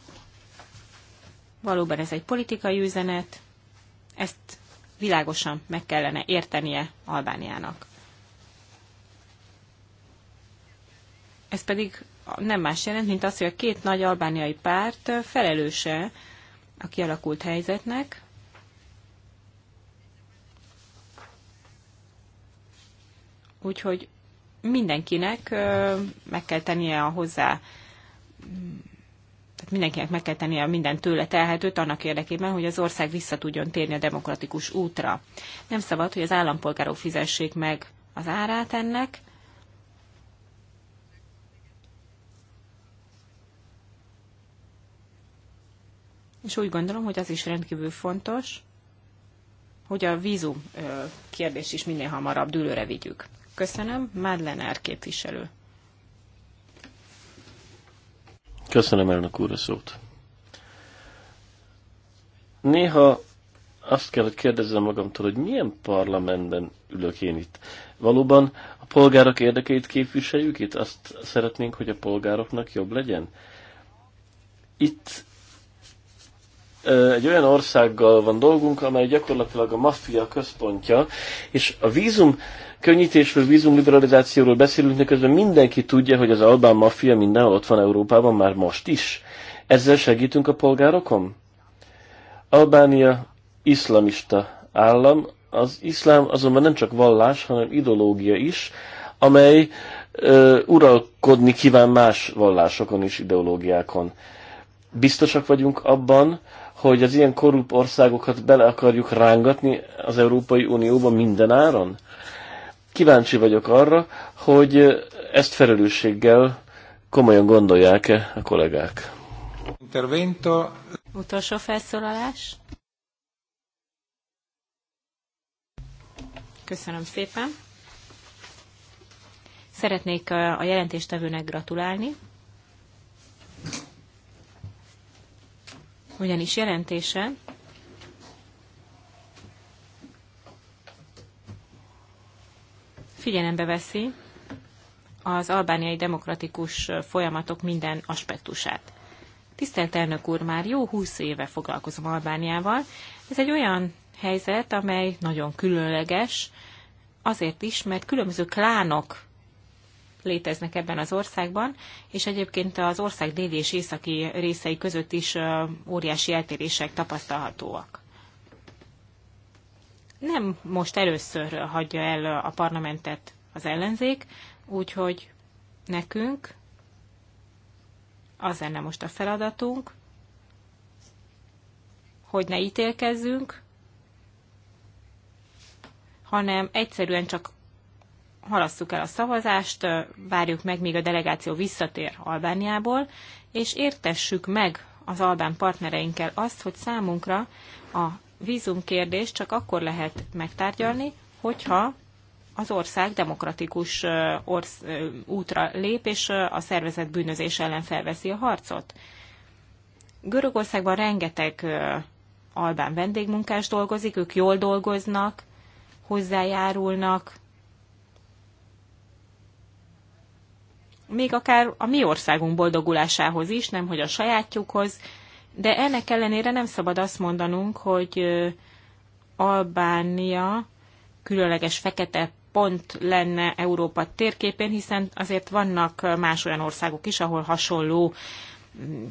valóban ez egy politikai üzenet, ezt világosan meg kellene értenie Albániának. Ez pedig nem más jelent, mint az, hogy a két nagy albániai párt felelőse a kialakult helyzetnek, Úgyhogy mindenkinek meg kell tennie a hozzá tehát mindenkinek meg kell tennie a minden tőle telhetőt annak érdekében, hogy az ország vissza tudjon térni a demokratikus útra. Nem szabad, hogy az állampolgárok fizessék meg az árát ennek, És úgy gondolom, hogy az is rendkívül fontos, hogy a vízum kérdés is minél hamarabb dőlőre vigyük. Köszönöm. Madlenár képviselő. Köszönöm elnök úr a szót. Néha azt kell, hogy kérdezzem magamtól, hogy milyen parlamentben ülök én itt. Valóban a polgárok érdekeit képviseljük itt? Azt szeretnénk, hogy a polgároknak jobb legyen? Itt egy olyan országgal van dolgunk, amely gyakorlatilag a maffia központja, és a vízum könnyítésről, vízumliberalizációról beszélünk, de mindenki tudja, hogy az albán maffia mindenhol ott van Európában már most is. Ezzel segítünk a polgárokon? Albánia iszlamista állam, az iszlám azonban nem csak vallás, hanem ideológia is, amely ö, uralkodni kíván más vallásokon és ideológiákon. Biztosak vagyunk abban, hogy az ilyen korrupt országokat bele akarjuk rángatni az Európai Unióba minden áron? Kíváncsi vagyok arra, hogy ezt felelősséggel komolyan gondolják-e a kollégák. Intervento. Utolsó felszólalás. Köszönöm szépen. Szeretnék a jelentéstevőnek gratulálni ugyanis jelentése figyelembe veszi az albániai demokratikus folyamatok minden aspektusát. Tisztelt elnök úr, már jó húsz éve foglalkozom Albániával. Ez egy olyan helyzet, amely nagyon különleges, azért is, mert különböző klánok léteznek ebben az országban, és egyébként az ország déli és északi részei között is óriási eltérések tapasztalhatóak. Nem most először hagyja el a parlamentet az ellenzék, úgyhogy nekünk az lenne most a feladatunk, hogy ne ítélkezzünk, hanem egyszerűen csak halasszuk el a szavazást, várjuk meg, míg a delegáció visszatér Albániából, és értessük meg az albán partnereinkkel azt, hogy számunkra a vízumkérdés csak akkor lehet megtárgyalni, hogyha az ország demokratikus orsz, útra lép, és a szervezet bűnözés ellen felveszi a harcot. Görögországban rengeteg albán vendégmunkás dolgozik, ők jól dolgoznak, hozzájárulnak még akár a mi országunk boldogulásához is, nem hogy a sajátjukhoz, de ennek ellenére nem szabad azt mondanunk, hogy Albánia különleges fekete pont lenne Európa térképén, hiszen azért vannak más olyan országok is, ahol hasonló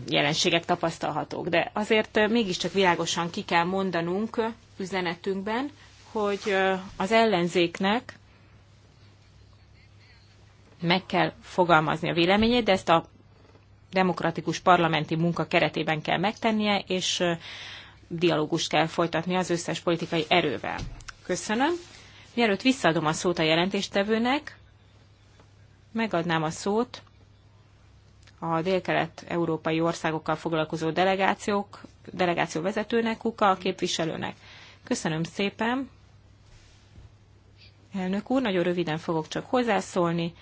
jelenségek tapasztalhatók. De azért mégiscsak világosan ki kell mondanunk üzenetünkben, hogy az ellenzéknek meg kell fogalmazni a véleményét, de ezt a demokratikus parlamenti munka keretében kell megtennie, és dialógust kell folytatni az összes politikai erővel. Köszönöm. Mielőtt visszaadom a szót a jelentéstevőnek, megadnám a szót a délkelet-európai országokkal foglalkozó delegációk, delegáció vezetőnek, Kuka képviselőnek. Köszönöm szépen. Elnök úr, nagyon röviden fogok csak hozzászólni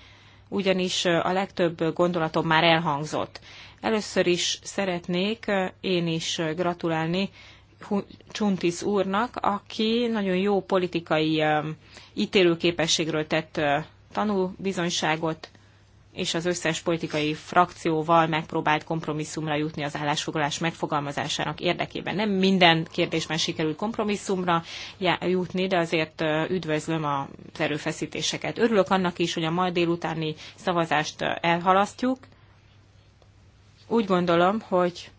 ugyanis a legtöbb gondolatom már elhangzott. Először is szeretnék én is gratulálni Csuntis úrnak, aki nagyon jó politikai ítélőképességről tett tanúbizonyságot, és az összes politikai frakcióval megpróbált kompromisszumra jutni az állásfoglalás megfogalmazásának érdekében. Nem minden kérdésben sikerült kompromisszumra jutni, de azért üdvözlöm az erőfeszítéseket. Örülök annak is, hogy a mai délutáni szavazást elhalasztjuk. Úgy gondolom, hogy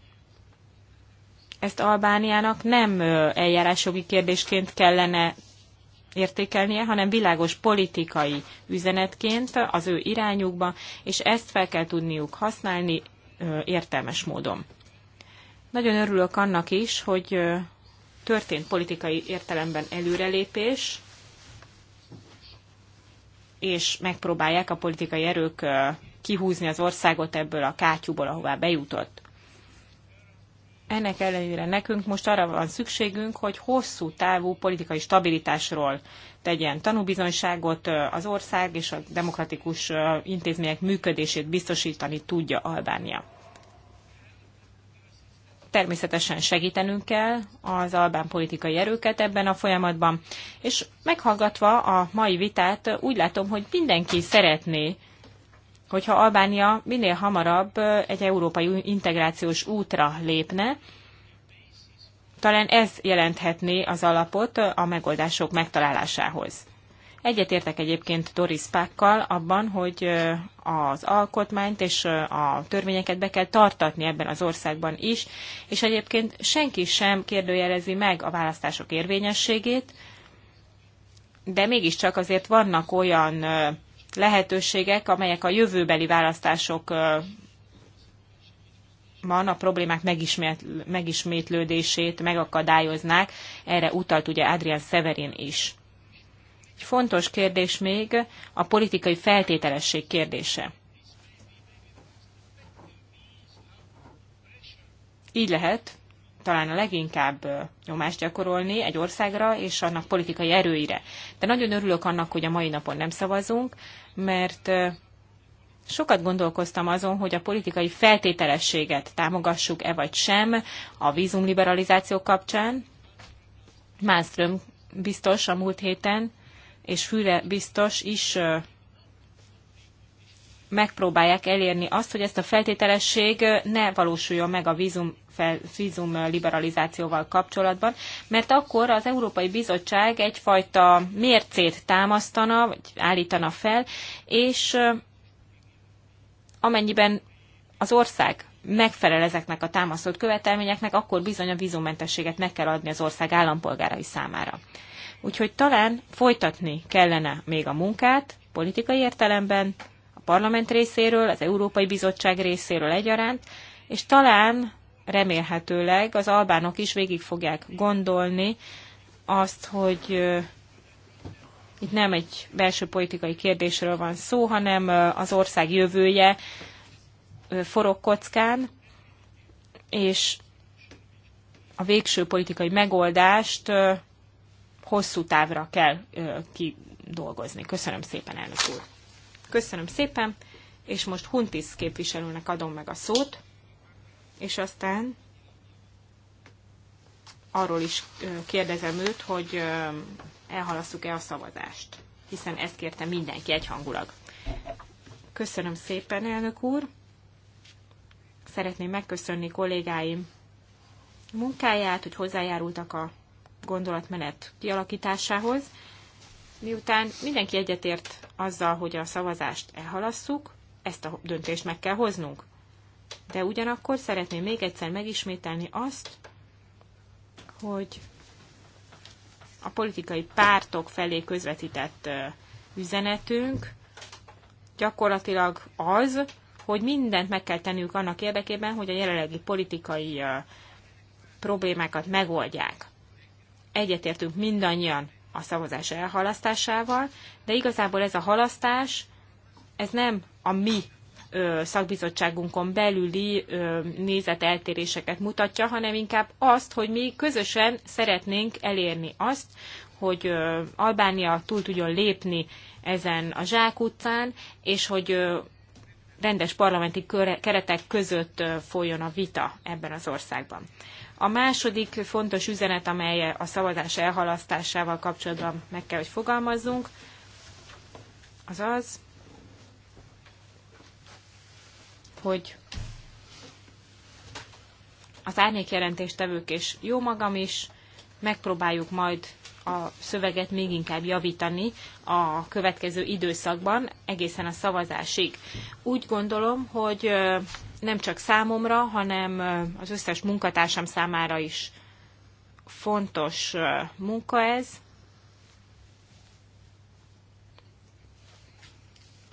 ezt Albániának nem eljárásjogi kérdésként kellene értékelnie, hanem világos politikai üzenetként az ő irányukba, és ezt fel kell tudniuk használni értelmes módon. Nagyon örülök annak is, hogy történt politikai értelemben előrelépés, és megpróbálják a politikai erők kihúzni az országot ebből a kátyúból, ahová bejutott. Ennek ellenére nekünk most arra van szükségünk, hogy hosszú távú politikai stabilitásról tegyen tanúbizonyságot az ország és a demokratikus intézmények működését biztosítani tudja Albánia. Természetesen segítenünk kell az albán politikai erőket ebben a folyamatban, és meghallgatva a mai vitát úgy látom, hogy mindenki szeretné hogyha Albánia minél hamarabb egy európai integrációs útra lépne, talán ez jelenthetné az alapot a megoldások megtalálásához. Egyetértek egyébként Doris Pákkal abban, hogy az alkotmányt és a törvényeket be kell tartatni ebben az országban is, és egyébként senki sem kérdőjelezi meg a választások érvényességét, de mégiscsak azért vannak olyan lehetőségek, amelyek a jövőbeli választásokban a problémák megismétlődését megakadályoznák. Erre utalt ugye Adrian Severin is. Egy fontos kérdés még a politikai feltételesség kérdése. Így lehet talán a leginkább nyomást gyakorolni egy országra és annak politikai erőire. De nagyon örülök annak, hogy a mai napon nem szavazunk, mert sokat gondolkoztam azon, hogy a politikai feltételességet támogassuk-e vagy sem a vízumliberalizáció kapcsán. Malmström biztos a múlt héten, és Füle biztos is megpróbálják elérni azt, hogy ezt a feltételesség ne valósuljon meg a vízum, fel, vízum liberalizációval kapcsolatban, mert akkor az Európai Bizottság egyfajta mércét támasztana, vagy állítana fel, és amennyiben az ország megfelel ezeknek a támasztott követelményeknek, akkor bizony a vízummentességet meg kell adni az ország állampolgárai számára. Úgyhogy talán folytatni kellene még a munkát politikai értelemben, parlament részéről, az Európai Bizottság részéről egyaránt, és talán remélhetőleg az albánok is végig fogják gondolni azt, hogy itt nem egy belső politikai kérdésről van szó, hanem az ország jövője forog kockán, és a végső politikai megoldást hosszú távra kell kidolgozni. Köszönöm szépen, elnök úr! Köszönöm szépen, és most Huntis képviselőnek adom meg a szót, és aztán arról is kérdezem őt, hogy elhalasszuk-e a szavazást, hiszen ezt kérte mindenki egyhangulag. Köszönöm szépen, elnök úr! Szeretném megköszönni kollégáim munkáját, hogy hozzájárultak a gondolatmenet kialakításához. Miután mindenki egyetért azzal, hogy a szavazást elhalasszuk, ezt a döntést meg kell hoznunk. De ugyanakkor szeretném még egyszer megismételni azt, hogy a politikai pártok felé közvetített üzenetünk gyakorlatilag az, hogy mindent meg kell tennünk annak érdekében, hogy a jelenlegi politikai problémákat megoldják. Egyetértünk mindannyian a szavazás elhalasztásával, de igazából ez a halasztás, ez nem a mi szakbizottságunkon belüli nézeteltéréseket mutatja, hanem inkább azt, hogy mi közösen szeretnénk elérni azt, hogy Albánia túl tudjon lépni ezen a zsákutcán, és hogy rendes parlamenti keretek között folyjon a vita ebben az országban. A második fontos üzenet, amely a szavazás elhalasztásával kapcsolatban meg kell, hogy fogalmazzunk, az az, hogy az árnyékjelentéstevők és jó magam is megpróbáljuk majd a szöveget még inkább javítani a következő időszakban, egészen a szavazásig. Úgy gondolom, hogy nem csak számomra, hanem az összes munkatársam számára is fontos munka ez.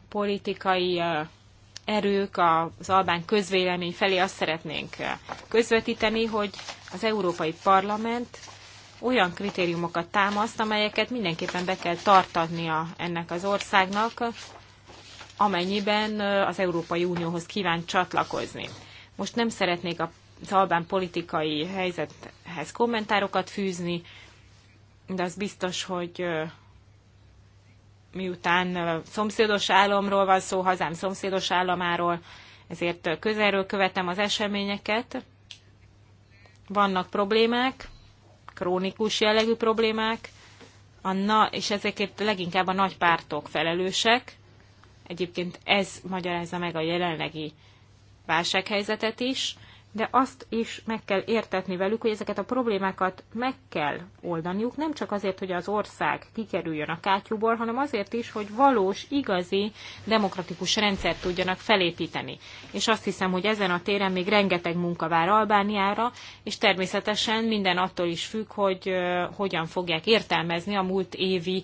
Politikai erők az albán közvélemény felé azt szeretnénk közvetíteni, hogy az Európai Parlament olyan kritériumokat támaszt, amelyeket mindenképpen be kell tartania ennek az országnak, amennyiben az Európai Unióhoz kíván csatlakozni. Most nem szeretnék az albán politikai helyzethez kommentárokat fűzni, de az biztos, hogy miután szomszédos államról van szó, hazám szomszédos államáról, ezért közelről követem az eseményeket. Vannak problémák, krónikus jellegű problémák, a na, és ezekért leginkább a nagy pártok felelősek. Egyébként ez magyarázza meg a jelenlegi válsághelyzetet is de azt is meg kell értetni velük, hogy ezeket a problémákat meg kell oldaniuk, nem csak azért, hogy az ország kikerüljön a kátyúból, hanem azért is, hogy valós, igazi, demokratikus rendszert tudjanak felépíteni. És azt hiszem, hogy ezen a téren még rengeteg munka vár Albániára, és természetesen minden attól is függ, hogy hogyan fogják értelmezni a múlt évi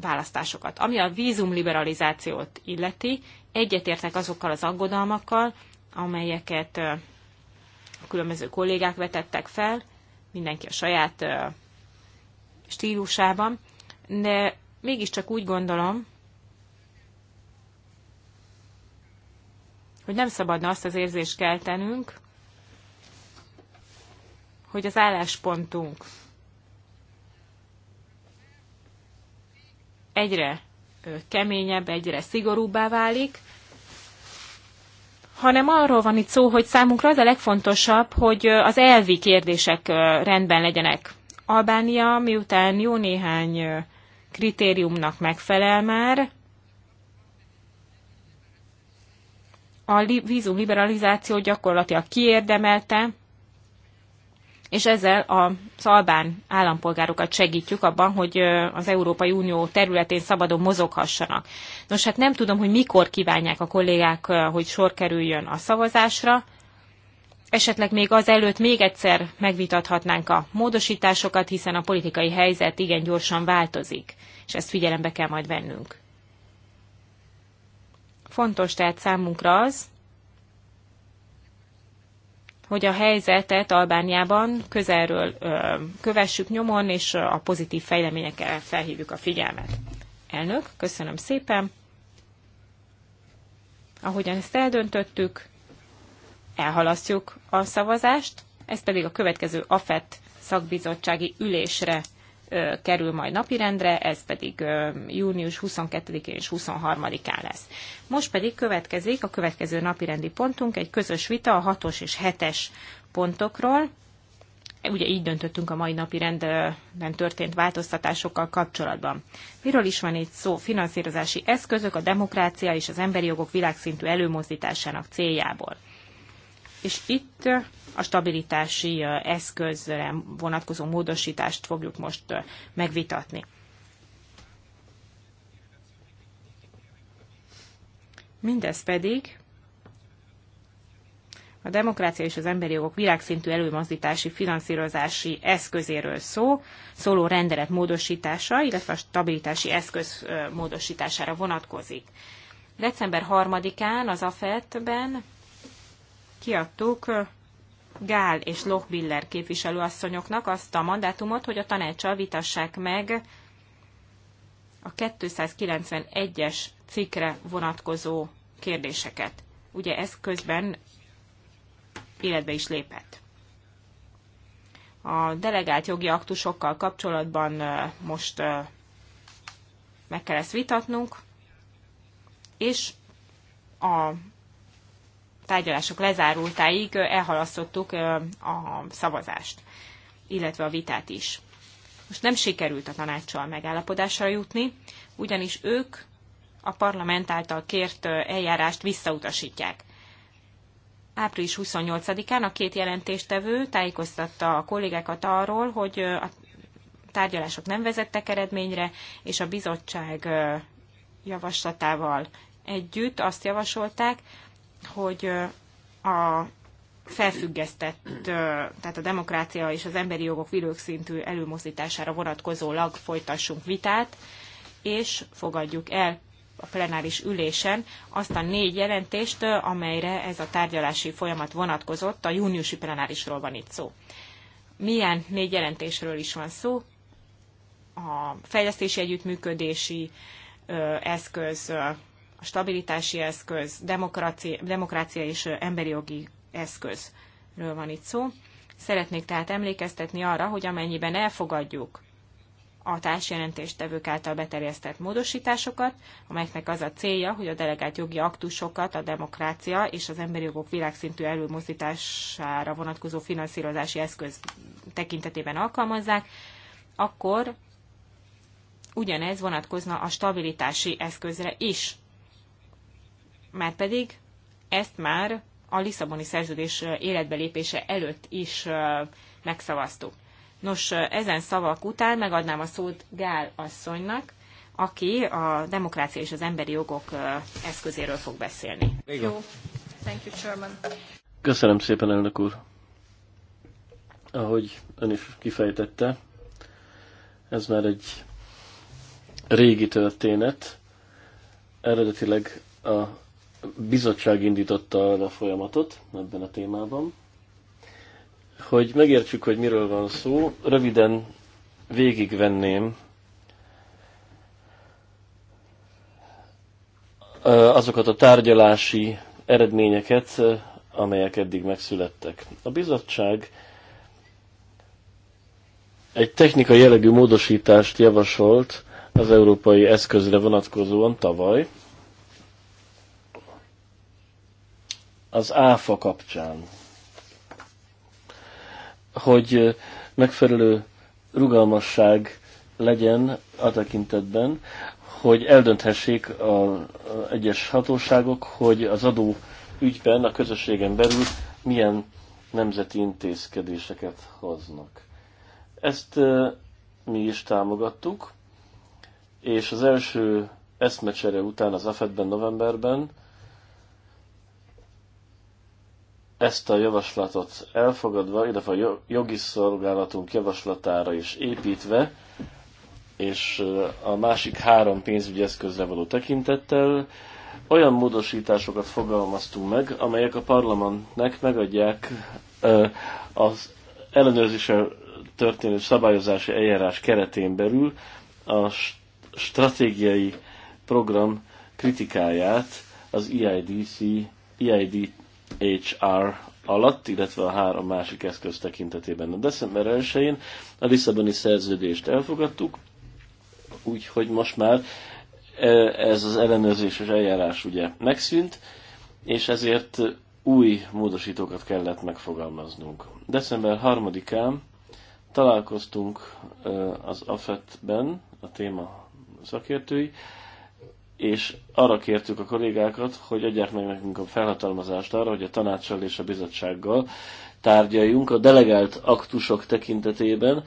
választásokat. Ami a vízumliberalizációt illeti, egyetértek azokkal az aggodalmakkal, amelyeket a különböző kollégák vetettek fel, mindenki a saját stílusában, de mégiscsak úgy gondolom, hogy nem szabadna azt az érzést keltenünk, hogy az álláspontunk egyre keményebb, egyre szigorúbbá válik, hanem arról van itt szó, hogy számunkra az a legfontosabb, hogy az elvi kérdések rendben legyenek. Albánia miután jó néhány kritériumnak megfelel már, a vízum liberalizáció gyakorlatilag kiérdemelte, és ezzel a szalbán állampolgárokat segítjük abban, hogy az Európai Unió területén szabadon mozoghassanak. Nos, hát nem tudom, hogy mikor kívánják a kollégák, hogy sor kerüljön a szavazásra. Esetleg még azelőtt még egyszer megvitathatnánk a módosításokat, hiszen a politikai helyzet igen gyorsan változik, és ezt figyelembe kell majd vennünk. Fontos tehát számunkra az, hogy a helyzetet Albániában közelről kövessük nyomon, és a pozitív fejleményekkel felhívjuk a figyelmet. Elnök, köszönöm szépen. Ahogyan ezt eldöntöttük, elhalasztjuk a szavazást, ez pedig a következő AFET szakbizottsági ülésre kerül majd napirendre, ez pedig június 22-én és 23-án lesz. Most pedig következik a következő napirendi pontunk, egy közös vita a 6-os és 7-es pontokról. Ugye így döntöttünk a mai napi rendben történt változtatásokkal kapcsolatban. Miről is van itt szó? Finanszírozási eszközök a demokrácia és az emberi jogok világszintű előmozdításának céljából. És itt a stabilitási eszközre vonatkozó módosítást fogjuk most megvitatni. Mindez pedig a demokrácia és az emberi jogok világszintű előmozdítási finanszírozási eszközéről szó, szóló rendelet módosítása, illetve a stabilitási eszköz módosítására vonatkozik. December 3-án az AFET-ben kiadtuk Gál és Lochbiller képviselőasszonyoknak azt a mandátumot, hogy a tanácssal vitassák meg a 291-es cikkre vonatkozó kérdéseket. Ugye ez közben életbe is lépett. A delegált jogi aktusokkal kapcsolatban most meg kell ezt vitatnunk, és a tárgyalások lezárultáig elhalasztottuk a szavazást, illetve a vitát is. Most nem sikerült a tanácssal megállapodásra jutni, ugyanis ők a parlament által kért eljárást visszautasítják. Április 28-án a két jelentéstevő tájékoztatta a kollégákat arról, hogy a tárgyalások nem vezettek eredményre, és a bizottság javaslatával együtt azt javasolták, hogy a felfüggesztett, tehát a demokrácia és az emberi jogok világszintű előmozdítására vonatkozólag folytassunk vitát, és fogadjuk el a plenáris ülésen azt a négy jelentést, amelyre ez a tárgyalási folyamat vonatkozott, a júniusi plenárisról van itt szó. Milyen négy jelentésről is van szó? A fejlesztési együttműködési eszköz a stabilitási eszköz, demokrácia, demokrácia és emberi jogi eszközről van itt szó. Szeretnék tehát emlékeztetni arra, hogy amennyiben elfogadjuk a társjelentéstevők által beterjesztett módosításokat, amelyeknek az a célja, hogy a delegált jogi aktusokat a demokrácia és az emberi jogok világszintű előmozdítására vonatkozó finanszírozási eszköz tekintetében alkalmazzák, akkor ugyanez vonatkozna a stabilitási eszközre is pedig ezt már a Lisszaboni szerződés életbe lépése előtt is megszavaztuk. Nos, ezen szavak után megadnám a szót Gál asszonynak, aki a demokrácia és az emberi jogok eszközéről fog beszélni. Jó. Thank you, Chairman. Köszönöm szépen, elnök úr. Ahogy ön is kifejtette, ez már egy régi történet. Eredetileg a bizottság indította el a folyamatot ebben a témában. Hogy megértsük, hogy miről van szó, röviden végigvenném azokat a tárgyalási eredményeket, amelyek eddig megszülettek. A bizottság egy technikai jellegű módosítást javasolt az európai eszközre vonatkozóan tavaly, az áfa kapcsán, hogy megfelelő rugalmasság legyen a tekintetben, hogy eldönthessék az egyes hatóságok, hogy az adó ügyben a közösségen belül milyen nemzeti intézkedéseket hoznak. Ezt mi is támogattuk, és az első eszmecsere után az AFED-ben novemberben ezt a javaslatot elfogadva, illetve a jogi szolgálatunk javaslatára is építve, és a másik három pénzügyi eszközre való tekintettel olyan módosításokat fogalmaztunk meg, amelyek a parlamentnek megadják az ellenőrzése történő szabályozási eljárás keretén belül a stratégiai program kritikáját az EIDC, EID HR alatt, illetve a három másik eszköz tekintetében. A december 1-én a Lisszaboni szerződést elfogadtuk, úgyhogy most már e, ez az ellenőrzéses eljárás ugye megszűnt, és ezért új módosítókat kellett megfogalmaznunk. December 3-án találkoztunk e, az AFET-ben, a téma szakértői, és arra kértük a kollégákat, hogy adják meg nekünk a felhatalmazást arra, hogy a tanácssal és a bizottsággal tárgyaljunk a delegált aktusok tekintetében,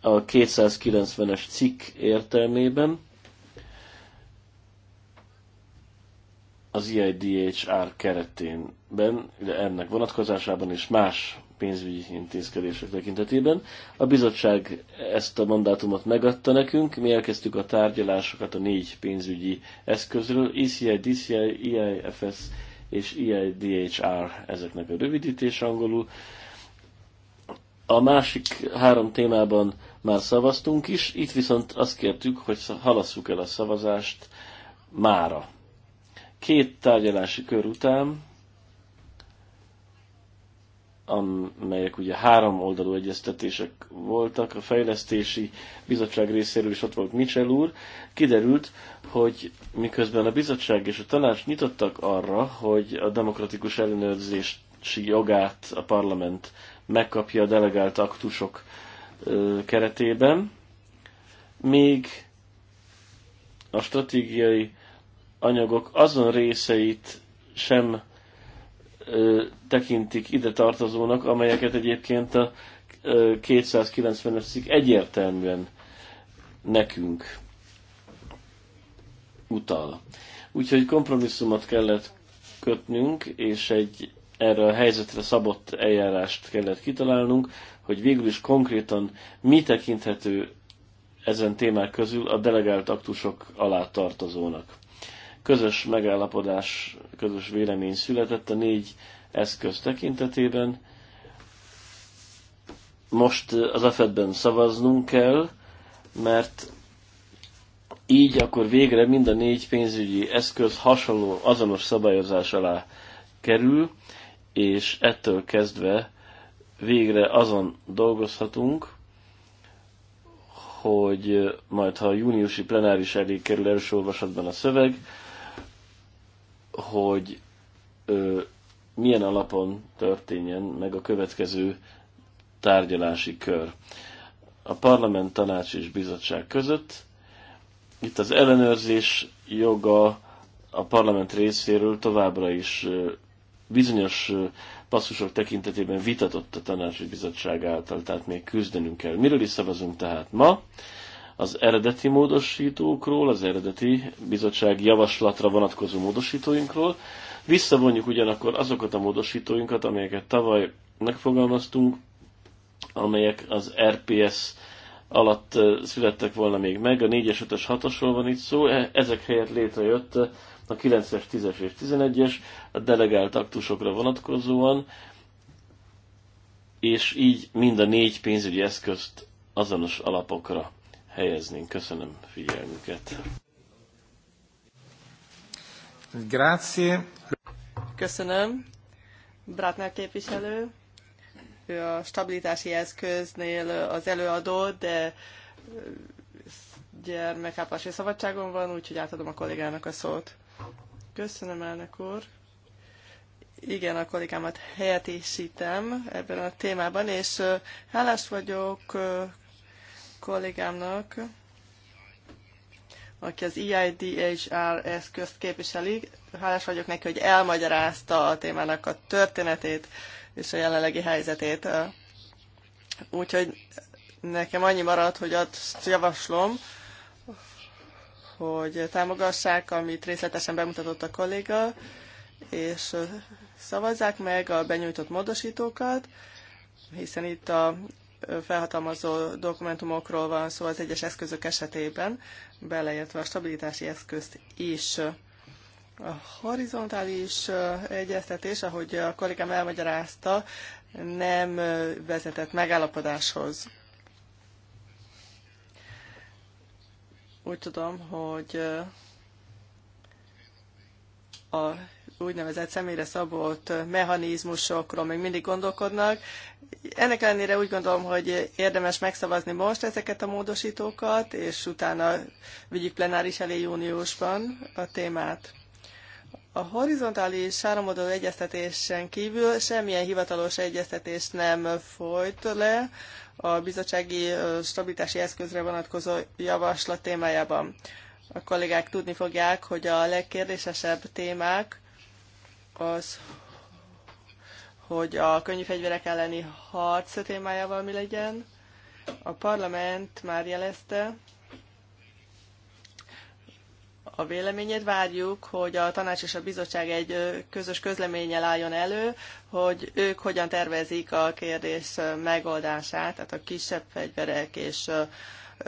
a 290-es cikk értelmében, az EIDHR keretén ennek vonatkozásában és más pénzügyi intézkedések tekintetében. A bizottság ezt a mandátumot megadta nekünk, mi elkezdtük a tárgyalásokat a négy pénzügyi eszközről, ECI, DCI, EIFS és EIDHR, ezeknek a rövidítés angolul. A másik három témában már szavaztunk is, itt viszont azt kértük, hogy halasszuk el a szavazást mára. Két tárgyalási kör után amelyek ugye három oldalú egyeztetések voltak, a fejlesztési bizottság részéről is ott volt Michel úr, kiderült, hogy miközben a bizottság és a tanács nyitottak arra, hogy a demokratikus ellenőrzési jogát a parlament megkapja a delegált aktusok keretében, még a stratégiai anyagok azon részeit sem ö, tekintik ide tartozónak, amelyeket egyébként a ö, 295 cikk egyértelműen nekünk utal. Úgyhogy kompromisszumot kellett kötnünk, és egy erre a helyzetre szabott eljárást kellett kitalálnunk, hogy végül is konkrétan mi tekinthető ezen témák közül a delegált aktusok alá tartozónak közös megállapodás, közös vélemény született a négy eszköz tekintetében. Most az AFED-ben szavaznunk kell, mert így akkor végre mind a négy pénzügyi eszköz hasonló, azonos szabályozás alá kerül, és ettől kezdve végre azon dolgozhatunk, hogy majd ha a júniusi plenáris elé kerül első olvasatban a szöveg, hogy ö, milyen alapon történjen meg a következő tárgyalási kör. A parlament, tanács és bizottság között itt az ellenőrzés joga a parlament részéről továbbra is bizonyos passzusok tekintetében vitatott a tanácsi bizottság által, tehát még küzdenünk kell. Miről is szavazunk tehát ma? az eredeti módosítókról, az eredeti bizottság javaslatra vonatkozó módosítóinkról. Visszavonjuk ugyanakkor azokat a módosítóinkat, amelyeket tavaly megfogalmaztunk, amelyek az RPS alatt születtek volna még meg. A 4-es, 5 es 6-osról van itt szó. E, ezek helyett létrejött a 9-es, 10-es és 11-es a delegált aktusokra vonatkozóan, és így mind a négy pénzügyi eszközt azonos alapokra helyezni. Köszönöm figyelmüket. Grazie. Köszönöm. Brátner képviselő, ő a stabilitási eszköznél az előadó, de gyermekápási szabadságon van, úgyhogy átadom a kollégának a szót. Köszönöm, elnök úr. Igen, a kollégámat helyettesítem ebben a témában, és hálás vagyok kollégámnak, aki az EIDHR eszközt képviseli. Hálás vagyok neki, hogy elmagyarázta a témának a történetét és a jelenlegi helyzetét. Úgyhogy nekem annyi maradt, hogy azt javaslom, hogy támogassák, amit részletesen bemutatott a kolléga, és szavazzák meg a benyújtott módosítókat, hiszen itt a felhatalmazó dokumentumokról van szó az egyes eszközök esetében, beleértve a stabilitási eszközt is. A horizontális egyeztetés, ahogy a kollégám elmagyarázta, nem vezetett megállapodáshoz. Úgy tudom, hogy a úgynevezett személyre szabott mechanizmusokról még mindig gondolkodnak. Ennek ellenére úgy gondolom, hogy érdemes megszavazni most ezeket a módosítókat, és utána vigyük plenáris elé júniusban a témát. A horizontális háromoldalú egyeztetésen kívül semmilyen hivatalos egyeztetés nem folyt le a bizottsági stabilitási eszközre vonatkozó javaslat témájában. A kollégák tudni fogják, hogy a legkérdésesebb témák az, hogy a könnyű fegyverek elleni harc témájával mi legyen. A parlament már jelezte a véleményét, várjuk, hogy a tanács és a bizottság egy közös közleménnyel álljon elő, hogy ők hogyan tervezik a kérdés megoldását, tehát a kisebb fegyverek és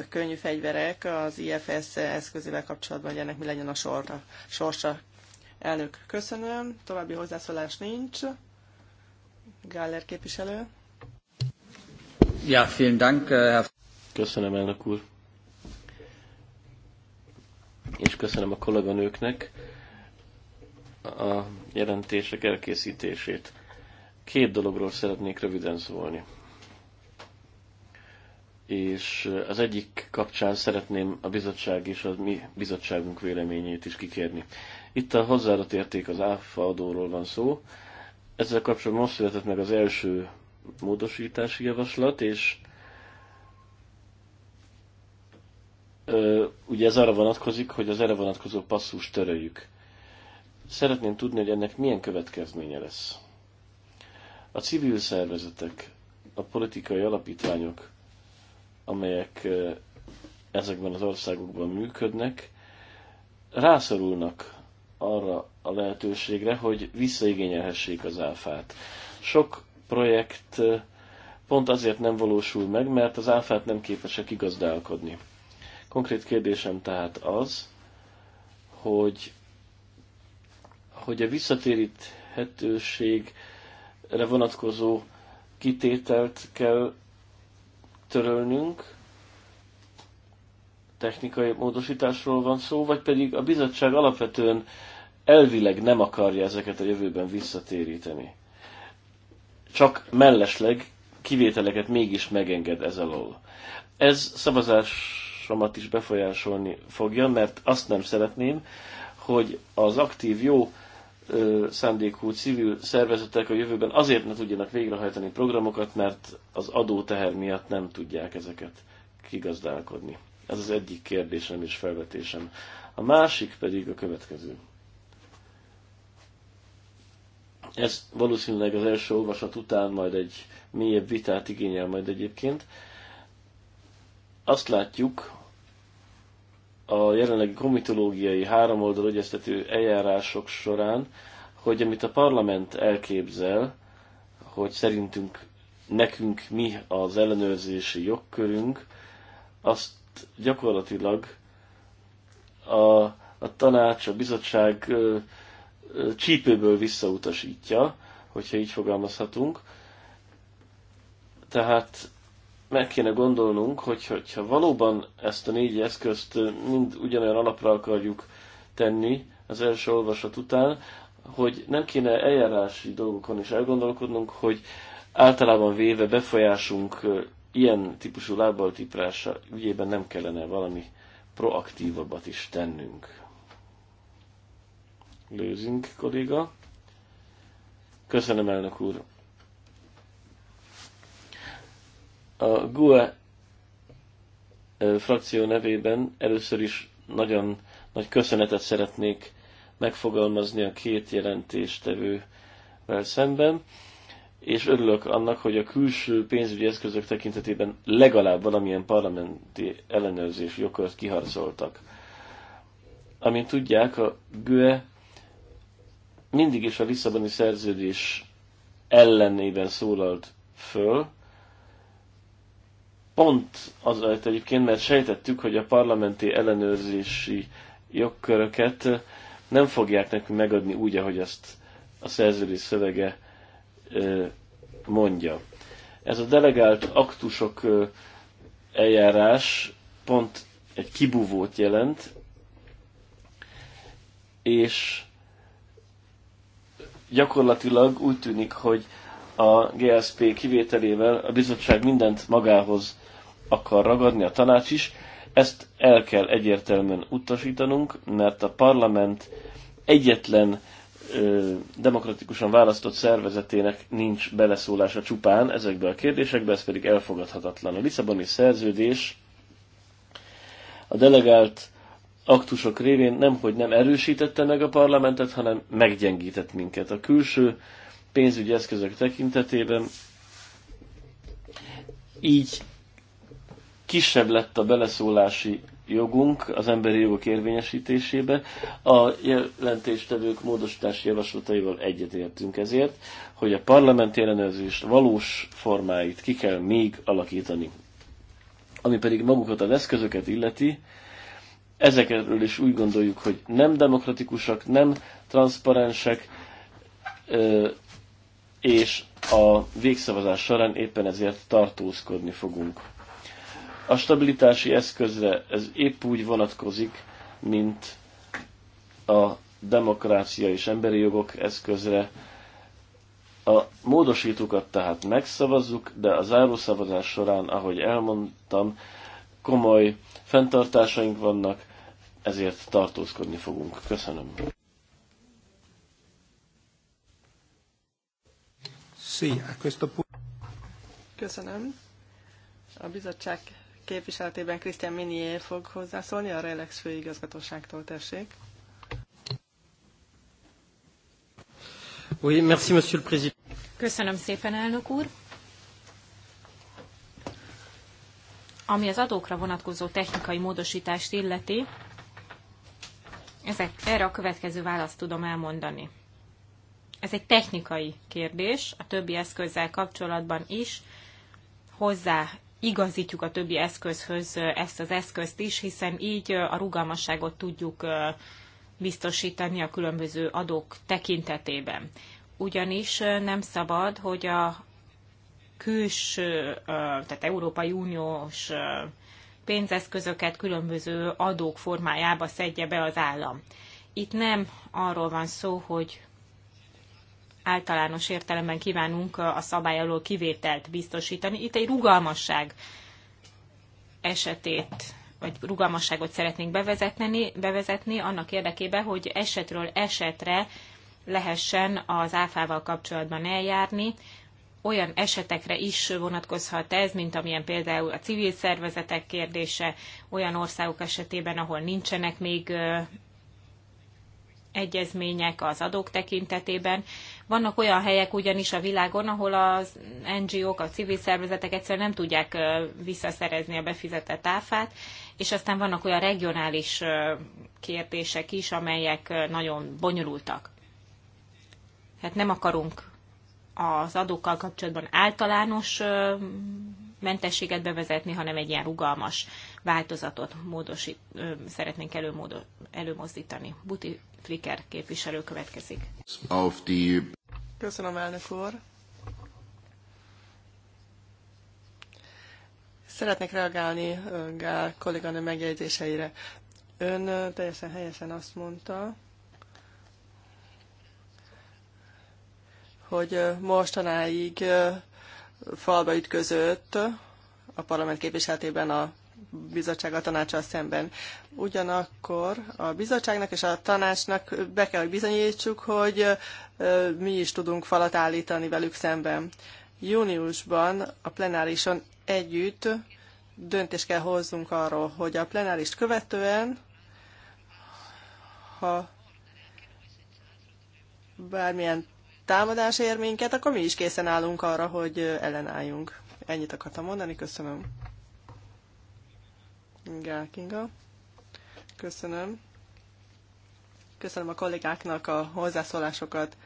könnyű fegyverek az IFS eszközével kapcsolatban, hogy ennek mi legyen a sorra, sorsa. Elnök, köszönöm. További hozzászólás nincs. Gáller képviselő. Ja, vielen Dank. Äh, köszönöm, elnök úr. És köszönöm a kolléganőknek a jelentések elkészítését. Két dologról szeretnék röviden szólni. És az egyik kapcsán szeretném a bizottság és a mi bizottságunk véleményét is kikérni. Itt a hozzáadott érték az áfa adóról van szó. Ezzel kapcsolatban most született meg az első módosítási javaslat, és ö, ugye ez arra vonatkozik, hogy az erre vonatkozó passzus töröljük. Szeretném tudni, hogy ennek milyen következménye lesz. A civil szervezetek, a politikai alapítványok, amelyek ezekben az országokban működnek, rászorulnak arra a lehetőségre, hogy visszaigényelhessék az áfát. Sok projekt pont azért nem valósul meg, mert az áfát nem képesek igazdálkodni. Konkrét kérdésem tehát az, hogy, hogy a visszatéríthetőségre vonatkozó kitételt kell törölnünk, technikai módosításról van szó, vagy pedig a bizottság alapvetően elvileg nem akarja ezeket a jövőben visszatéríteni. Csak mellesleg kivételeket mégis megenged ez alól. Ez szavazásomat is befolyásolni fogja, mert azt nem szeretném, hogy az aktív jó ö, szándékú civil szervezetek a jövőben azért ne tudjanak végrehajtani programokat, mert az adóteher miatt nem tudják ezeket kigazdálkodni. Ez az egyik kérdésem és felvetésem. A másik pedig a következő. Ez valószínűleg az első olvasat után majd egy mélyebb vitát igényel majd egyébként. Azt látjuk a jelenlegi komitológiai háromoldal egyeztető eljárások során, hogy amit a parlament elképzel, hogy szerintünk nekünk mi az ellenőrzési jogkörünk, azt gyakorlatilag a, a tanács, a bizottság ö, ö, csípőből visszautasítja, hogyha így fogalmazhatunk. Tehát meg kéne gondolnunk, hogy hogyha valóban ezt a négy eszközt mind ugyanolyan alapra akarjuk tenni az első olvasat után, hogy nem kéne eljárási dolgokon is elgondolkodnunk, hogy általában véve befolyásunk ilyen típusú lábbal tiprása ügyében nem kellene valami proaktívabbat is tennünk. Lőzünk, kolléga. Köszönöm, elnök úr. A GUE frakció nevében először is nagyon nagy köszönetet szeretnék megfogalmazni a két jelentéstevővel szemben és örülök annak, hogy a külső pénzügyi eszközök tekintetében legalább valamilyen parlamenti ellenőrzési jogkört kiharcoltak. Amint tudják, a GUE mindig is a Lisszaboni szerződés ellenében szólalt föl, pont azért egyébként, mert sejtettük, hogy a parlamenti ellenőrzési jogköröket nem fogják nekünk megadni úgy, ahogy azt a szerződés szövege mondja. Ez a delegált aktusok eljárás pont egy kibúvót jelent, és gyakorlatilag úgy tűnik, hogy a GSP kivételével a bizottság mindent magához akar ragadni, a tanács is. Ezt el kell egyértelműen utasítanunk, mert a parlament egyetlen ö, demokratikusan választott szervezetének nincs beleszólása csupán ezekbe a kérdésekbe, ez pedig elfogadhatatlan. A Lisszaboni szerződés a delegált aktusok révén nemhogy nem erősítette meg a parlamentet, hanem meggyengített minket. A külső pénzügyi eszközök tekintetében így kisebb lett a beleszólási jogunk az emberi jogok érvényesítésébe. A jelentéstevők módosítási javaslataival egyetértünk ezért, hogy a parlament ellenőrzés valós formáit ki kell még alakítani. Ami pedig magukat az eszközöket illeti, ezekről is úgy gondoljuk, hogy nem demokratikusak, nem transzparensek, és a végszavazás során éppen ezért tartózkodni fogunk. A stabilitási eszközre ez épp úgy vonatkozik, mint a demokrácia és emberi jogok eszközre. A módosítókat tehát megszavazzuk, de a zárószavazás során, ahogy elmondtam, komoly fenntartásaink vannak, ezért tartózkodni fogunk. Köszönöm. Köszönöm. A bizottság képviseletében Krisztián Minié fog hozzászólni, a Relex főigazgatóságtól tessék. Oui, merci, monsieur le président. Köszönöm szépen, elnök úr. Ami az adókra vonatkozó technikai módosítást illeti, ezek, erre a következő választ tudom elmondani. Ez egy technikai kérdés, a többi eszközzel kapcsolatban is hozzá igazítjuk a többi eszközhöz ezt az eszközt is, hiszen így a rugalmasságot tudjuk biztosítani a különböző adók tekintetében. Ugyanis nem szabad, hogy a külső, tehát Európai Uniós pénzeszközöket különböző adók formájába szedje be az állam. Itt nem arról van szó, hogy általános értelemben kívánunk a szabály alól kivételt biztosítani. Itt egy rugalmasság esetét vagy rugalmasságot szeretnénk bevezetni, bevezetni annak érdekében, hogy esetről esetre lehessen az áfával kapcsolatban eljárni. Olyan esetekre is vonatkozhat ez, mint amilyen például a civil szervezetek kérdése, olyan országok esetében, ahol nincsenek még egyezmények az adók tekintetében, vannak olyan helyek ugyanis a világon, ahol az NGO-k, a civil szervezetek egyszerűen nem tudják visszaszerezni a befizetett áfát, és aztán vannak olyan regionális kérdések is, amelyek nagyon bonyolultak. Hát nem akarunk az adókkal kapcsolatban általános mentességet bevezetni, hanem egy ilyen rugalmas változatot módosít, ö, szeretnénk előmódo, előmozdítani. Buti Flicker képviselő következik. Auf die... Köszönöm, elnök úr. Szeretnék reagálni Gál kolléganő megjegyzéseire. Ön teljesen helyesen azt mondta, hogy mostanáig falba ütközött a parlament képviseletében a bizottság a tanácsal szemben. Ugyanakkor a bizottságnak és a tanácsnak be kell, hogy bizonyítsuk, hogy mi is tudunk falat állítani velük szemben. Júniusban a plenárison együtt döntést kell hozzunk arról, hogy a plenárist követően, ha bármilyen támadás ér minket, akkor mi is készen állunk arra, hogy ellenálljunk. Ennyit akartam mondani, köszönöm. Gál Kinga. Köszönöm. Köszönöm a kollégáknak a hozzászólásokat.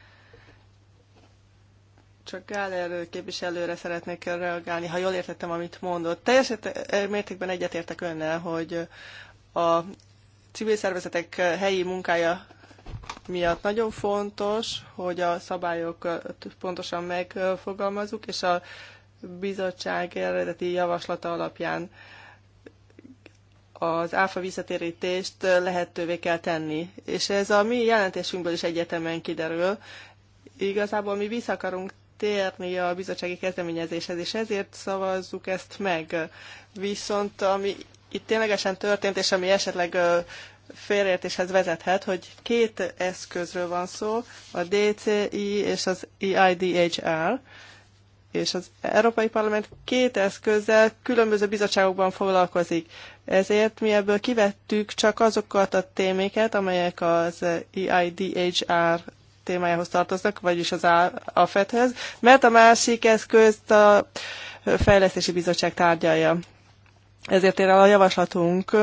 Csak Gáler képviselőre szeretnék reagálni, ha jól értettem, amit mondott. Teljes mértékben egyetértek önnel, hogy a civil szervezetek helyi munkája miatt nagyon fontos, hogy a szabályokat pontosan megfogalmazzuk, és a bizottság eredeti javaslata alapján az áfa visszatérítést lehetővé kell tenni. És ez a mi jelentésünkből is egyetemen kiderül. Igazából mi vissza akarunk térni a bizottsági kezdeményezéshez, és ezért szavazzuk ezt meg. Viszont ami itt ténylegesen történt, és ami esetleg félreértéshez vezethet, hogy két eszközről van szó, a DCI és az EIDHR, és az Európai Parlament két eszközzel különböző bizottságokban foglalkozik. Ezért mi ebből kivettük csak azokat a téméket, amelyek az EIDHR témájához tartoznak, vagyis az AFET-hez, mert a másik eszközt a Fejlesztési Bizottság tárgyalja. Ezért ér el a javaslatunk,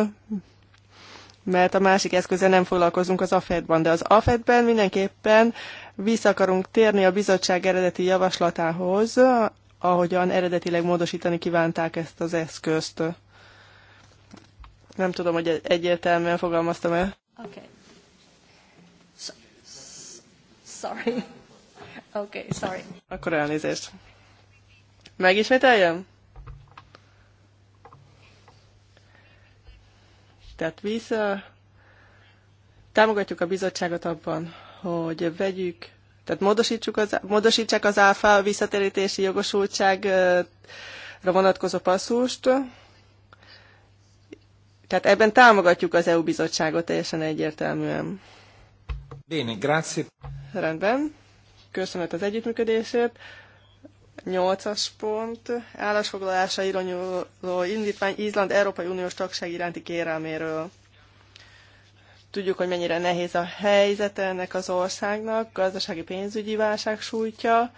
mert a másik eszközzel nem foglalkozunk az AFED-ban, de az AFED-ben mindenképpen vissza akarunk térni a bizottság eredeti javaslatához, ahogyan eredetileg módosítani kívánták ezt az eszközt. Nem tudom, hogy egyértelműen fogalmaztam el. Okay. So, sorry. Okay, sorry. Akkor elnézést. Megismételjem? Tehát vissza. Támogatjuk a bizottságot abban, hogy vegyük, tehát módosítsuk az, módosítsák az áfa visszatérítési jogosultságra vonatkozó passzust, tehát ebben támogatjuk az EU bizottságot teljesen egyértelműen. Bene, grazie. Rendben. Köszönet az együttműködésért. Nyolcas pont. Állásfoglalása irányuló indítvány Izland Európai Uniós tagság iránti kérelméről. Tudjuk, hogy mennyire nehéz a helyzet ennek az országnak, gazdasági pénzügyi válság sújtja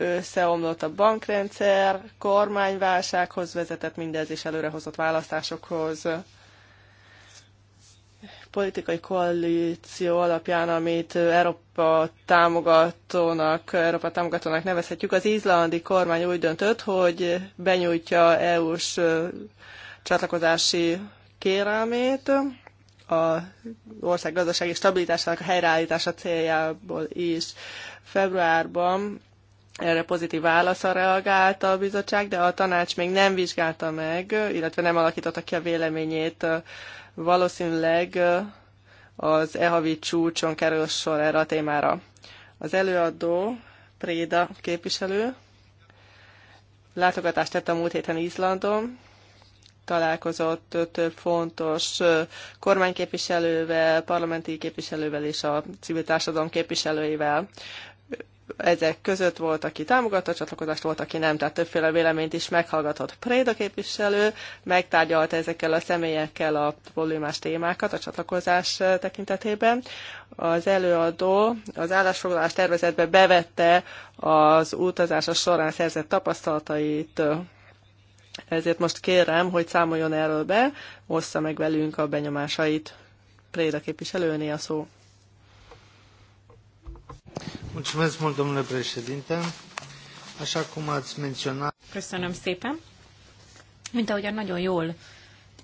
összeomlott a bankrendszer, kormányválsághoz vezetett mindez, és előrehozott választásokhoz politikai koalíció alapján, amit Európa támogatónak, Európa támogatónak nevezhetjük, az izlandi kormány úgy döntött, hogy benyújtja EU-s csatlakozási kérelmét a ország gazdasági stabilitásának a helyreállítása céljából is. Februárban erre pozitív válaszra reagált a bizottság, de a tanács még nem vizsgálta meg, illetve nem alakította ki a véleményét. Valószínűleg az EHAVI csúcson kerül sor erre a témára. Az előadó Préda képviselő látogatást tett a múlt héten Izlandon, találkozott több fontos kormányképviselővel, parlamenti képviselővel és a civil társadalom képviselőivel ezek között volt, aki támogatta a csatlakozást, volt, aki nem, tehát többféle véleményt is meghallgatott. Préda képviselő megtárgyalta ezekkel a személyekkel a problémás témákat a csatlakozás eh, tekintetében. Az előadó az állásfoglalás tervezetbe bevette az utazása során szerzett tapasztalatait, eh. ezért most kérem, hogy számoljon erről be, ossza meg velünk a benyomásait. Préda képviselőné a szó. Mulțumesc mult, domnule președinte. Așa cum ați menționat... Köszönöm szépen. Mint ahogyan nagyon jól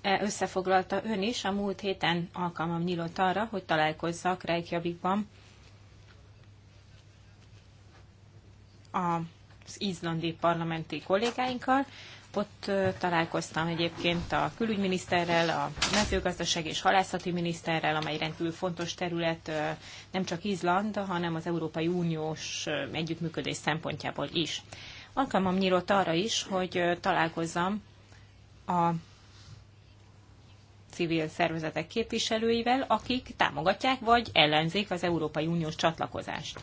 e, összefoglalta ön is, a múlt héten alkalmam nyílt arra, hogy találkozzak Reykjavikban az izlandi parlamenti kollégáinkkal, ott találkoztam egyébként a külügyminiszterrel, a mezőgazdaság és halászati miniszterrel, amely rendkívül fontos terület nem csak Izland, hanem az Európai Uniós együttműködés szempontjából is. Alkalmam nyílt arra is, hogy találkozzam a civil szervezetek képviselőivel, akik támogatják vagy ellenzik az Európai Uniós csatlakozást.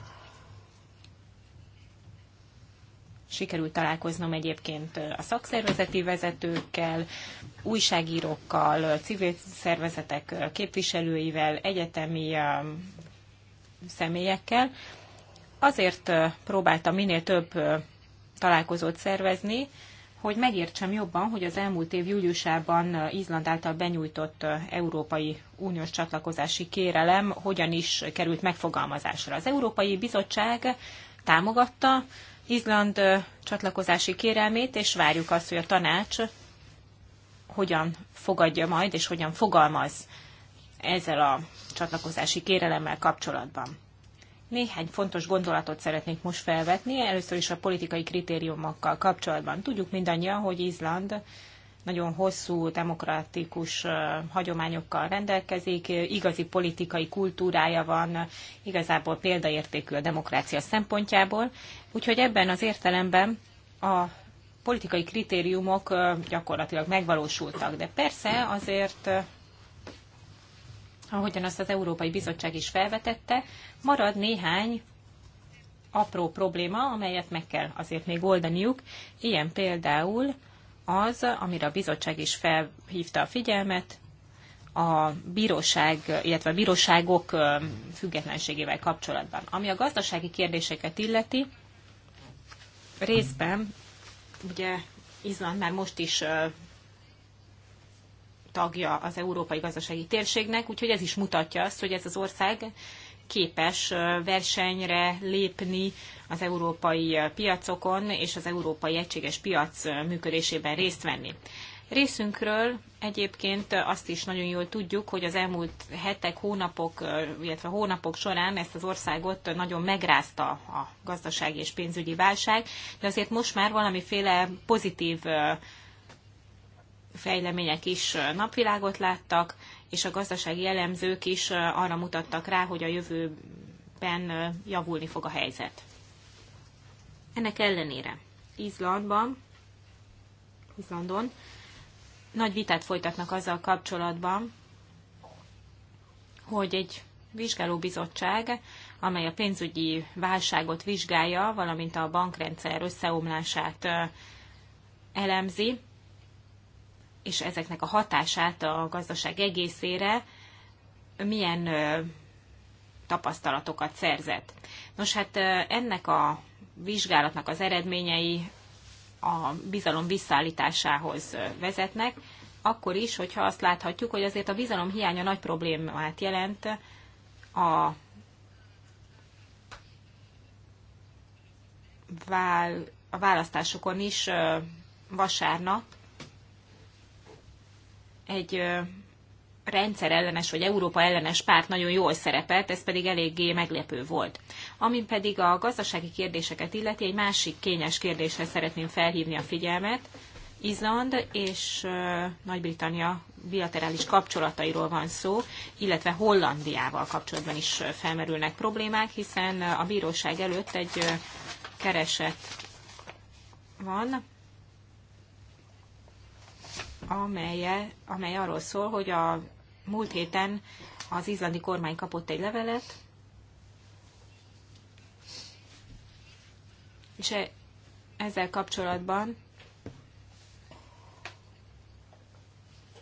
Sikerült találkoznom egyébként a szakszervezeti vezetőkkel, újságírókkal, civil szervezetek képviselőivel, egyetemi személyekkel. Azért próbáltam minél több találkozót szervezni, hogy megértsem jobban, hogy az elmúlt év júliusában Izland által benyújtott Európai Uniós csatlakozási kérelem hogyan is került megfogalmazásra. Az Európai Bizottság támogatta Izland csatlakozási kérelmét, és várjuk azt, hogy a tanács hogyan fogadja majd, és hogyan fogalmaz ezzel a csatlakozási kérelemmel kapcsolatban. Néhány fontos gondolatot szeretnék most felvetni, először is a politikai kritériumokkal kapcsolatban. Tudjuk mindannyian, hogy Izland nagyon hosszú demokratikus hagyományokkal rendelkezik, igazi politikai kultúrája van, igazából példaértékű a demokrácia szempontjából. Úgyhogy ebben az értelemben a politikai kritériumok gyakorlatilag megvalósultak. De persze azért, ahogyan azt az Európai Bizottság is felvetette, marad néhány apró probléma, amelyet meg kell azért még oldaniuk. Ilyen például az, amire a bizottság is felhívta a figyelmet, a bíróság, illetve a bíróságok függetlenségével kapcsolatban. Ami a gazdasági kérdéseket illeti, részben ugye Izland már most is tagja az európai gazdasági térségnek, úgyhogy ez is mutatja azt, hogy ez az ország képes versenyre lépni az európai piacokon és az európai egységes piac működésében részt venni. Részünkről egyébként azt is nagyon jól tudjuk, hogy az elmúlt hetek, hónapok, illetve hónapok során ezt az országot nagyon megrázta a gazdasági és pénzügyi válság, de azért most már valamiféle pozitív fejlemények is napvilágot láttak, és a gazdasági elemzők is arra mutattak rá, hogy a jövőben javulni fog a helyzet. Ennek ellenére Izlandban, Izlandon nagy vitát folytatnak azzal kapcsolatban, hogy egy vizsgálóbizottság, amely a pénzügyi válságot vizsgálja, valamint a bankrendszer összeomlását elemzi, és ezeknek a hatását a gazdaság egészére milyen tapasztalatokat szerzett. Nos, hát ennek a vizsgálatnak az eredményei a bizalom visszaállításához vezetnek, akkor is, hogyha azt láthatjuk, hogy azért a bizalom hiánya nagy problémát jelent a a választásokon is vasárnap egy rendszer ellenes vagy Európa ellenes párt nagyon jól szerepelt, ez pedig eléggé meglepő volt. Ami pedig a gazdasági kérdéseket illeti, egy másik kényes kérdésre szeretném felhívni a figyelmet. Izland és Nagy-Britannia bilaterális kapcsolatairól van szó, illetve Hollandiával kapcsolatban is felmerülnek problémák, hiszen a bíróság előtt egy kereset van, amelye, amely arról szól, hogy a múlt héten az izlandi kormány kapott egy levelet, és e- ezzel kapcsolatban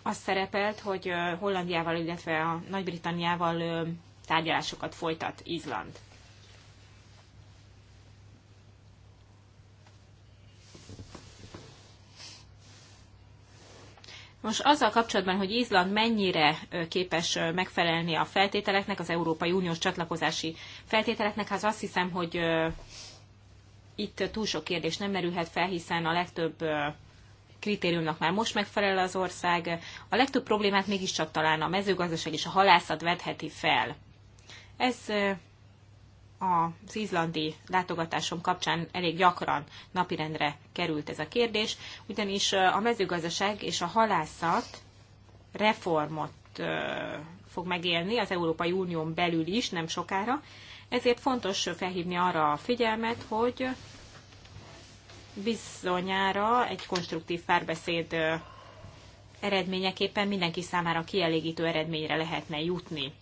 azt szerepelt, hogy Hollandiával, illetve a Nagy-Britanniával tárgyalásokat folytat Izland. Most azzal kapcsolatban, hogy Izland mennyire képes megfelelni a feltételeknek, az Európai Uniós csatlakozási feltételeknek, az hát azt hiszem, hogy itt túl sok kérdés nem merülhet fel, hiszen a legtöbb kritériumnak már most megfelel az ország. A legtöbb problémát mégiscsak talán a mezőgazdaság és a halászat vedheti fel. Ez az izlandi látogatásom kapcsán elég gyakran napirendre került ez a kérdés, ugyanis a mezőgazdaság és a halászat reformot fog megélni az Európai Unión belül is nem sokára, ezért fontos felhívni arra a figyelmet, hogy bizonyára egy konstruktív párbeszéd eredményeképpen mindenki számára kielégítő eredményre lehetne jutni.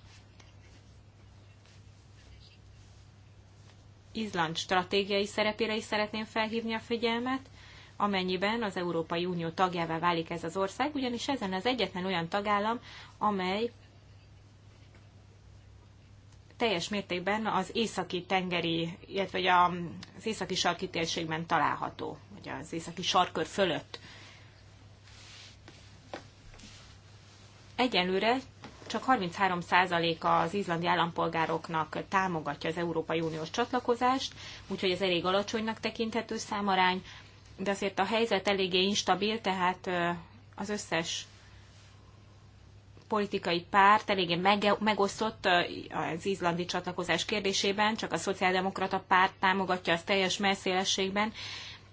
Izland stratégiai szerepére is szeretném felhívni a figyelmet, amennyiben az Európai Unió tagjává válik ez az ország, ugyanis ezen az egyetlen olyan tagállam, amely teljes mértékben az északi tengeri, illetve az északi sarki térségben található, vagy az északi sarkör fölött. Egyelőre csak 33% az izlandi állampolgároknak támogatja az Európai Uniós csatlakozást, úgyhogy ez elég alacsonynak tekinthető számarány, de azért a helyzet eléggé instabil, tehát az összes politikai párt eléggé megosztott az izlandi csatlakozás kérdésében, csak a szociáldemokrata párt támogatja azt teljes messzélességben,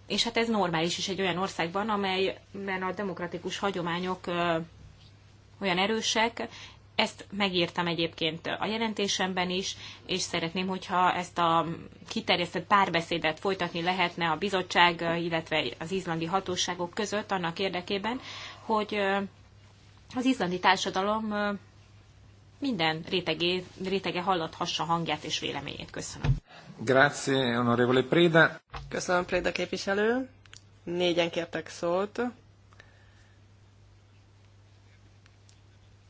és hát ez normális is egy olyan országban, amelyben a demokratikus hagyományok olyan erősek, ezt megírtam egyébként a jelentésemben is, és szeretném, hogyha ezt a kiterjesztett párbeszédet folytatni lehetne a bizottság, illetve az izlandi hatóságok között annak érdekében, hogy az izlandi társadalom minden rétegé, rétege hallathassa hangját és véleményét. Köszönöm. Grazie, onorevole Préda. Köszönöm, Préda képviselő. Négyen kértek szót.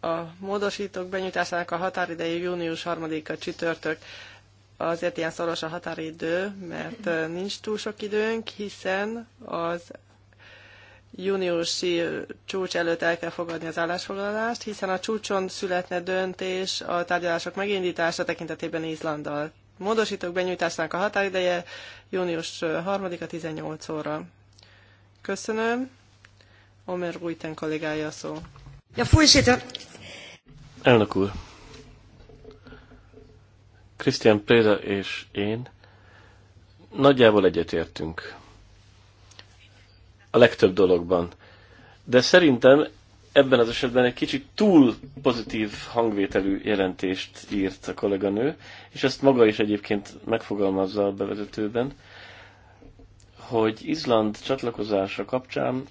A módosítók benyújtásának a határideje június 3-a csütörtök. Azért ilyen szoros a határidő, mert nincs túl sok időnk, hiszen az júniusi csúcs előtt el kell fogadni az állásfoglalást, hiszen a csúcson születne döntés a tárgyalások megindítása tekintetében Izlanddal. Módosítók benyújtásának a határideje június 3-a 18 óra. Köszönöm. Omer Rújten kollégája szó. Ja, voorzitter, Elnök úr, Krisztián Préda és én nagyjából egyetértünk a legtöbb dologban, de szerintem ebben az esetben egy kicsit túl pozitív hangvételű jelentést írt a kolléganő, és ezt maga is egyébként megfogalmazza a bevezetőben, hogy Izland csatlakozása kapcsán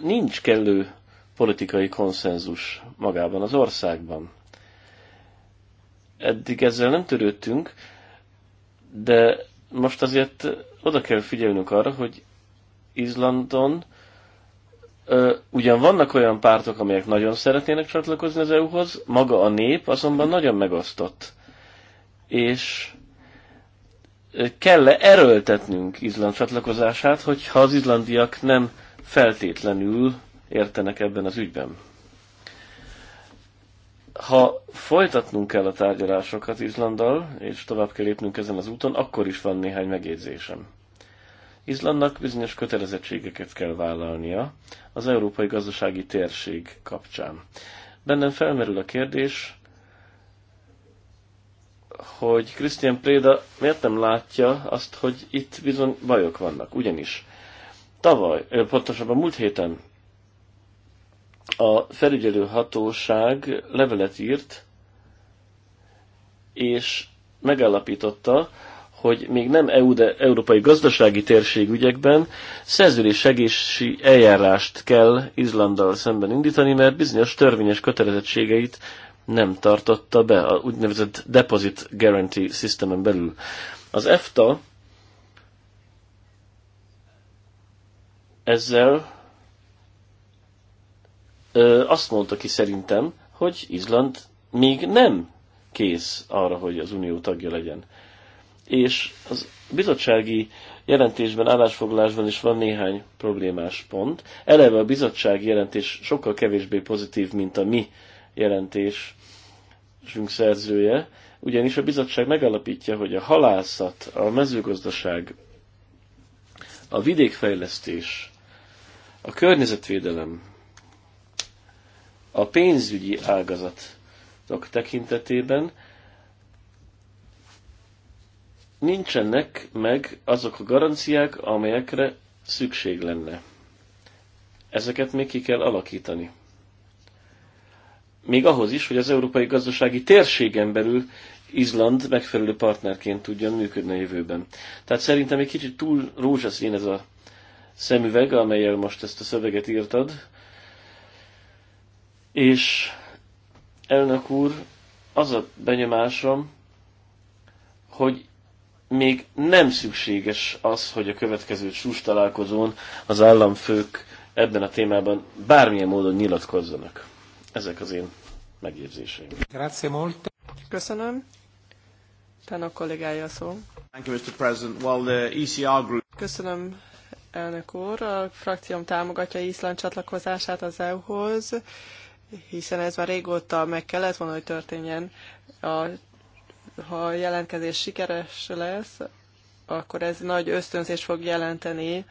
nincs kellő politikai konszenzus magában az országban. Eddig ezzel nem törődtünk, de most azért oda kell figyelnünk arra, hogy Izlandon ö, ugyan vannak olyan pártok, amelyek nagyon szeretnének csatlakozni az EU-hoz, maga a nép azonban nagyon megosztott. És kell -e erőltetnünk Izland csatlakozását, hogyha az izlandiak nem feltétlenül értenek ebben az ügyben. Ha folytatnunk kell a tárgyalásokat Izlanddal, és tovább kell lépnünk ezen az úton, akkor is van néhány megjegyzésem. Izlandnak bizonyos kötelezettségeket kell vállalnia az európai gazdasági térség kapcsán. Bennem felmerül a kérdés, hogy Christian Préda miért nem látja azt, hogy itt bizony bajok vannak. Ugyanis tavaly, pontosabban múlt héten a felügyelő hatóság levelet írt, és megállapította, hogy még nem EU, de európai gazdasági térségügyekben szerződés segési eljárást kell Izlanddal szemben indítani, mert bizonyos törvényes kötelezettségeit nem tartotta be a úgynevezett Deposit Guarantee Systemen belül. Az EFTA ezzel ö, azt mondta ki szerintem, hogy Izland még nem kész arra, hogy az unió tagja legyen. És az bizottsági jelentésben, állásfoglalásban is van néhány problémás pont. Eleve a bizottsági jelentés sokkal kevésbé pozitív, mint a mi jelentésünk szerzője, ugyanis a bizottság megalapítja, hogy a halászat, a mezőgazdaság, a vidékfejlesztés, a környezetvédelem, a pénzügyi ágazatok tekintetében nincsenek meg azok a garanciák, amelyekre szükség lenne. Ezeket még ki kell alakítani. Még ahhoz is, hogy az európai gazdasági térségen belül Izland megfelelő partnerként tudjon működni a jövőben. Tehát szerintem egy kicsit túl rózsaszín ez a szemüveg, amelyel most ezt a szöveget írtad, és elnök úr, az a benyomásom, hogy még nem szükséges az, hogy a következő csúcs találkozón az államfők ebben a témában bármilyen módon nyilatkozzanak. Ezek az én megérzéseim. Grazie molto. Köszönöm. Tán a kollégája szó. Thank you, Mr. President. Well, the ECR group... Köszönöm, elnök úr. A frakcióm támogatja Izland csatlakozását az EU-hoz hiszen ez már régóta meg kellett volna, hogy történjen. A, ha a jelentkezés sikeres lesz, akkor ez nagy ösztönzés fog jelenteni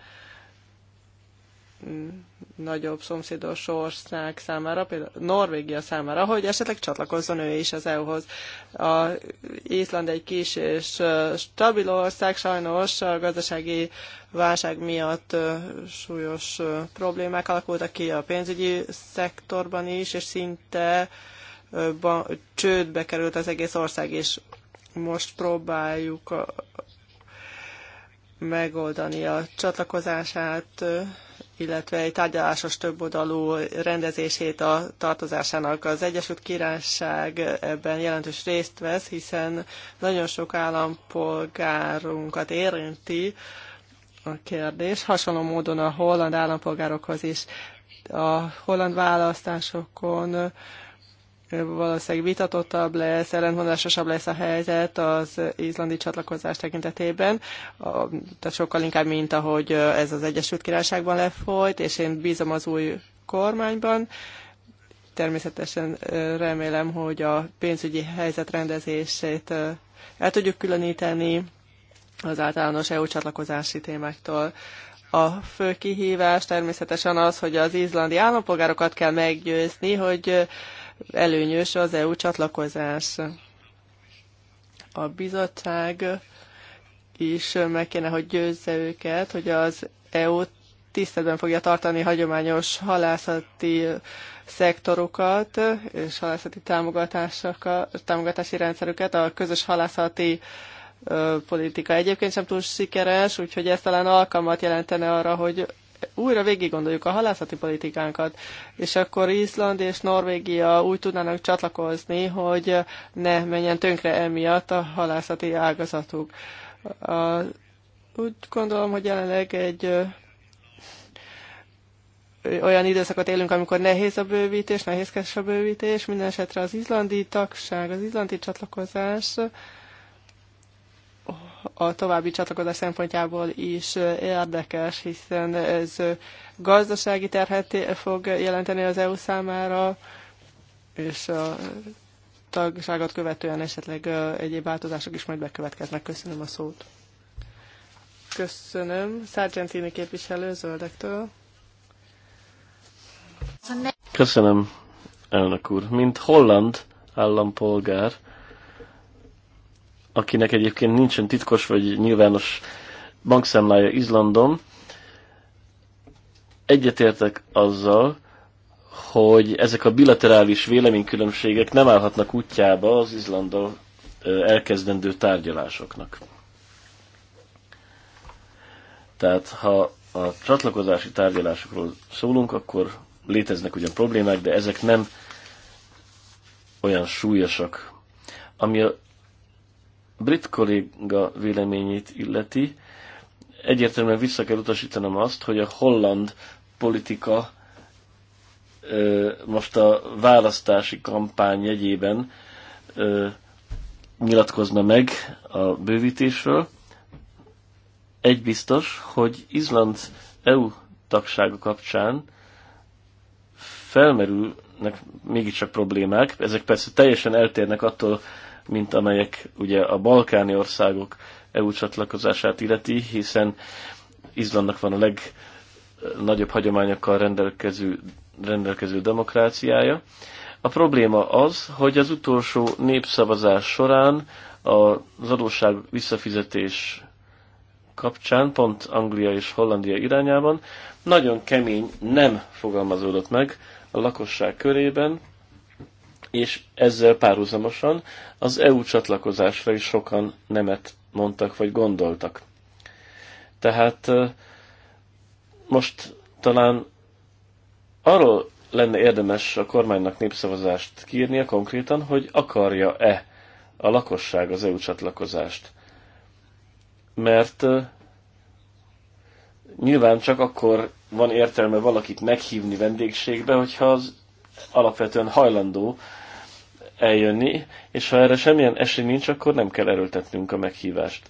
nagyobb szomszédos ország számára, például Norvégia számára, hogy esetleg csatlakozzon ő is az EU-hoz. A Észland egy kis és stabil ország, sajnos a gazdasági válság miatt súlyos problémák alakultak ki a pénzügyi szektorban is, és szinte csődbe került az egész ország, és most próbáljuk megoldani a csatlakozását illetve egy tárgyalásos többoldalú rendezését a tartozásának. Az Egyesült Királyság ebben jelentős részt vesz, hiszen nagyon sok állampolgárunkat érinti a kérdés, hasonló módon a holland állampolgárokhoz is. A holland választásokon valószínűleg vitatottabb lesz, ellentmondásosabb lesz a helyzet az izlandi csatlakozás tekintetében, tehát sokkal inkább, mint ahogy ez az Egyesült Királyságban lefolyt, és én bízom az új kormányban. Természetesen remélem, hogy a pénzügyi helyzet rendezését el tudjuk különíteni az általános EU csatlakozási témáktól. A fő kihívás természetesen az, hogy az izlandi állampolgárokat kell meggyőzni, hogy előnyös az EU csatlakozás. A bizottság is meg kéne, hogy győzze őket, hogy az EU tiszteletben fogja tartani hagyományos halászati szektorokat és halászati támogatási rendszerüket. A közös halászati politika egyébként sem túl sikeres, úgyhogy ez talán alkalmat jelentene arra, hogy újra végig gondoljuk a halászati politikánkat, és akkor Izland és Norvégia úgy tudnának csatlakozni, hogy ne menjen tönkre emiatt a halászati ágazatuk. A, úgy gondolom, hogy jelenleg egy olyan időszakot élünk, amikor nehéz a bővítés, nehézkes a bővítés, minden esetre az izlandi tagság, az izlandi csatlakozás a további csatlakozás szempontjából is érdekes, hiszen ez gazdasági terhet fog jelenteni az EU számára, és a tagságot követően esetleg egyéb változások is majd bekövetkeznek. Köszönöm a szót. Köszönöm. Sargentini képviselő, zöldektől. Köszönöm, elnök úr. Mint holland állampolgár, akinek egyébként nincsen titkos vagy nyilvános bankszámlája Izlandon, egyetértek azzal, hogy ezek a bilaterális véleménykülönbségek nem állhatnak útjába az Izlandal elkezdendő tárgyalásoknak. Tehát ha a csatlakozási tárgyalásokról szólunk, akkor léteznek ugyan problémák, de ezek nem olyan súlyosak. Ami a brit kolléga véleményét illeti, egyértelműen vissza kell utasítanom azt, hogy a holland politika most a választási kampány jegyében nyilatkozna meg a bővítésről. Egy biztos, hogy Izland EU tagsága kapcsán felmerülnek mégiscsak problémák. Ezek persze teljesen eltérnek attól, mint amelyek ugye a balkáni országok EU csatlakozását illeti, hiszen Izlandnak van a legnagyobb hagyományokkal rendelkező, rendelkező demokráciája. A probléma az, hogy az utolsó népszavazás során az adósság visszafizetés kapcsán, pont Anglia és Hollandia irányában, nagyon kemény nem fogalmazódott meg a lakosság körében, és ezzel párhuzamosan az EU csatlakozásra is sokan nemet mondtak vagy gondoltak. Tehát most talán arról lenne érdemes a kormánynak népszavazást kiírnia konkrétan, hogy akarja-e a lakosság az EU csatlakozást. Mert nyilván csak akkor van értelme valakit meghívni vendégségbe, hogyha az alapvetően hajlandó eljönni, és ha erre semmilyen esély nincs, akkor nem kell erőltetnünk a meghívást.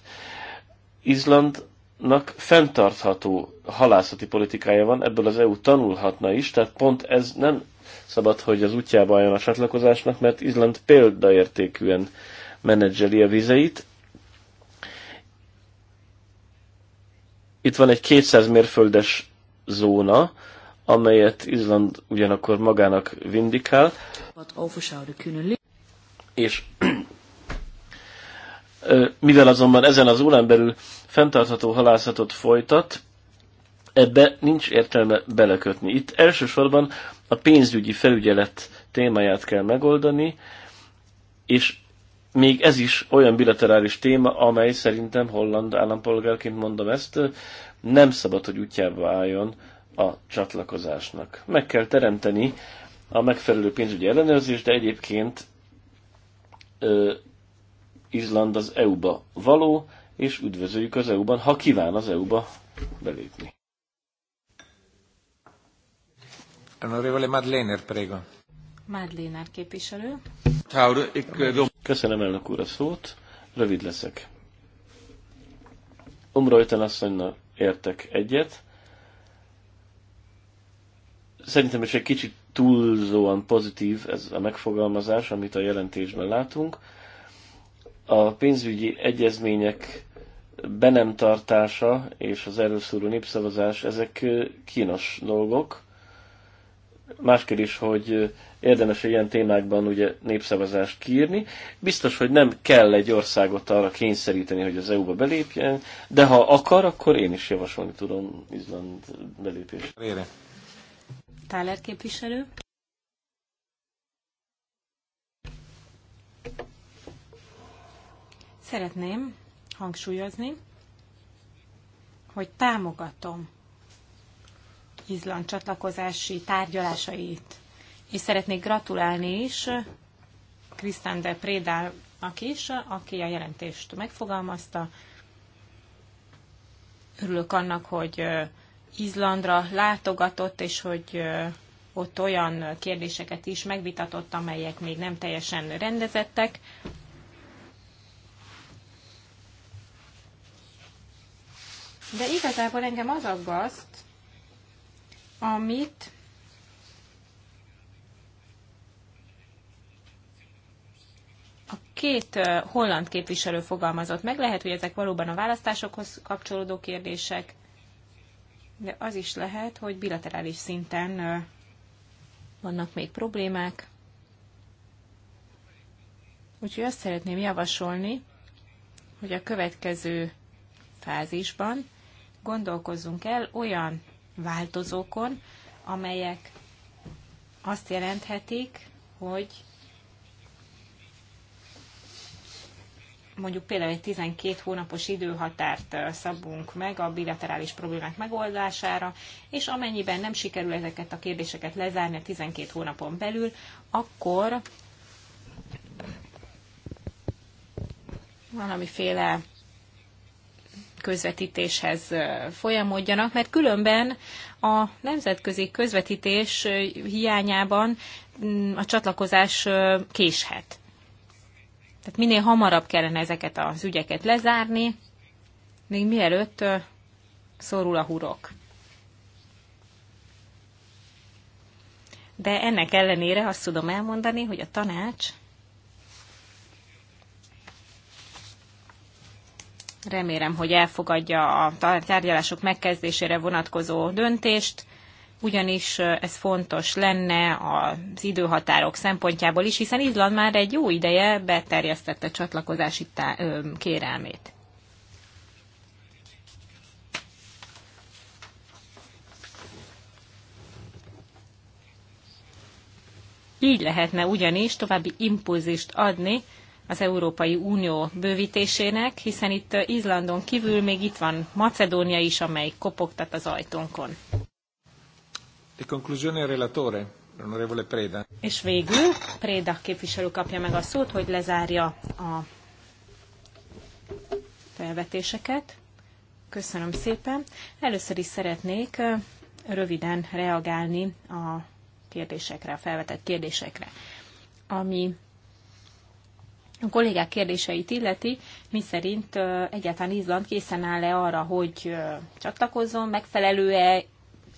Izlandnak fenntartható halászati politikája van, ebből az EU tanulhatna is, tehát pont ez nem szabad, hogy az útjába álljon a csatlakozásnak, mert Izland példaértékűen menedzseli a vizeit. Itt van egy 200 mérföldes zóna, amelyet Izland ugyanakkor magának vindikál. És mivel azonban ezen az órán belül fenntartható halászatot folytat, ebbe nincs értelme belekötni. Itt elsősorban a pénzügyi felügyelet témáját kell megoldani, és még ez is olyan bilaterális téma, amely szerintem holland állampolgárként mondom ezt, nem szabad, hogy útjába álljon a csatlakozásnak. Meg kell teremteni a megfelelő pénzügyi ellenőrzést, de egyébként ö, Izland az EU-ba való, és üdvözöljük az EU-ban, ha kíván az EU-ba belépni. Honorevole Madlener, prego. Madlener képviselő. Eh, Köszönöm elnök úr a szót, rövid leszek. Omrajten asszonynal értek egyet. Szerintem is egy kicsit túlzóan pozitív ez a megfogalmazás, amit a jelentésben látunk. A pénzügyi egyezmények be nem tartása és az erről szóló népszavazás, ezek kínos dolgok. Más kérdés, hogy érdemes ilyen témákban ugye népszavazást kiírni. Biztos, hogy nem kell egy országot arra kényszeríteni, hogy az EU-ba belépjen, de ha akar, akkor én is javasolni tudom Izland belépését. Táler képviselő. Szeretném hangsúlyozni, hogy támogatom Izland csatlakozási tárgyalásait, és szeretnék gratulálni is Krisztán de Prédának is, aki a jelentést megfogalmazta. Örülök annak, hogy Izlandra látogatott, és hogy ott olyan kérdéseket is megvitatott, amelyek még nem teljesen rendezettek. De igazából engem az aggaszt, amit a két holland képviselő fogalmazott meg. Lehet, hogy ezek valóban a választásokhoz kapcsolódó kérdések, de az is lehet, hogy bilaterális szinten vannak még problémák. Úgyhogy azt szeretném javasolni, hogy a következő fázisban gondolkozzunk el olyan változókon, amelyek azt jelenthetik, hogy mondjuk például egy 12 hónapos időhatárt szabunk meg a bilaterális problémák megoldására, és amennyiben nem sikerül ezeket a kérdéseket lezárni a 12 hónapon belül, akkor valamiféle közvetítéshez folyamodjanak, mert különben a nemzetközi közvetítés hiányában mm, a csatlakozás késhet. Tehát minél hamarabb kellene ezeket az ügyeket lezárni, még mielőtt szorul a hurok. De ennek ellenére azt tudom elmondani, hogy a tanács remélem, hogy elfogadja a tárgyalások megkezdésére vonatkozó döntést, ugyanis ez fontos lenne az időhatárok szempontjából is, hiszen Izland már egy jó ideje beterjesztette csatlakozási tá- kérelmét. Így lehetne ugyanis további impulzist adni az Európai Unió bővítésének, hiszen itt Izlandon kívül még itt van Macedónia is, amely kopogtat az ajtónkon. E És végül Preda képviselő kapja meg a szót, hogy lezárja a felvetéseket. Köszönöm szépen. Először is szeretnék röviden reagálni a kérdésekre, a felvetett kérdésekre. Ami a kollégák kérdéseit illeti, mi szerint egyáltalán Izland készen áll-e arra, hogy csatlakozzon, megfelelő-e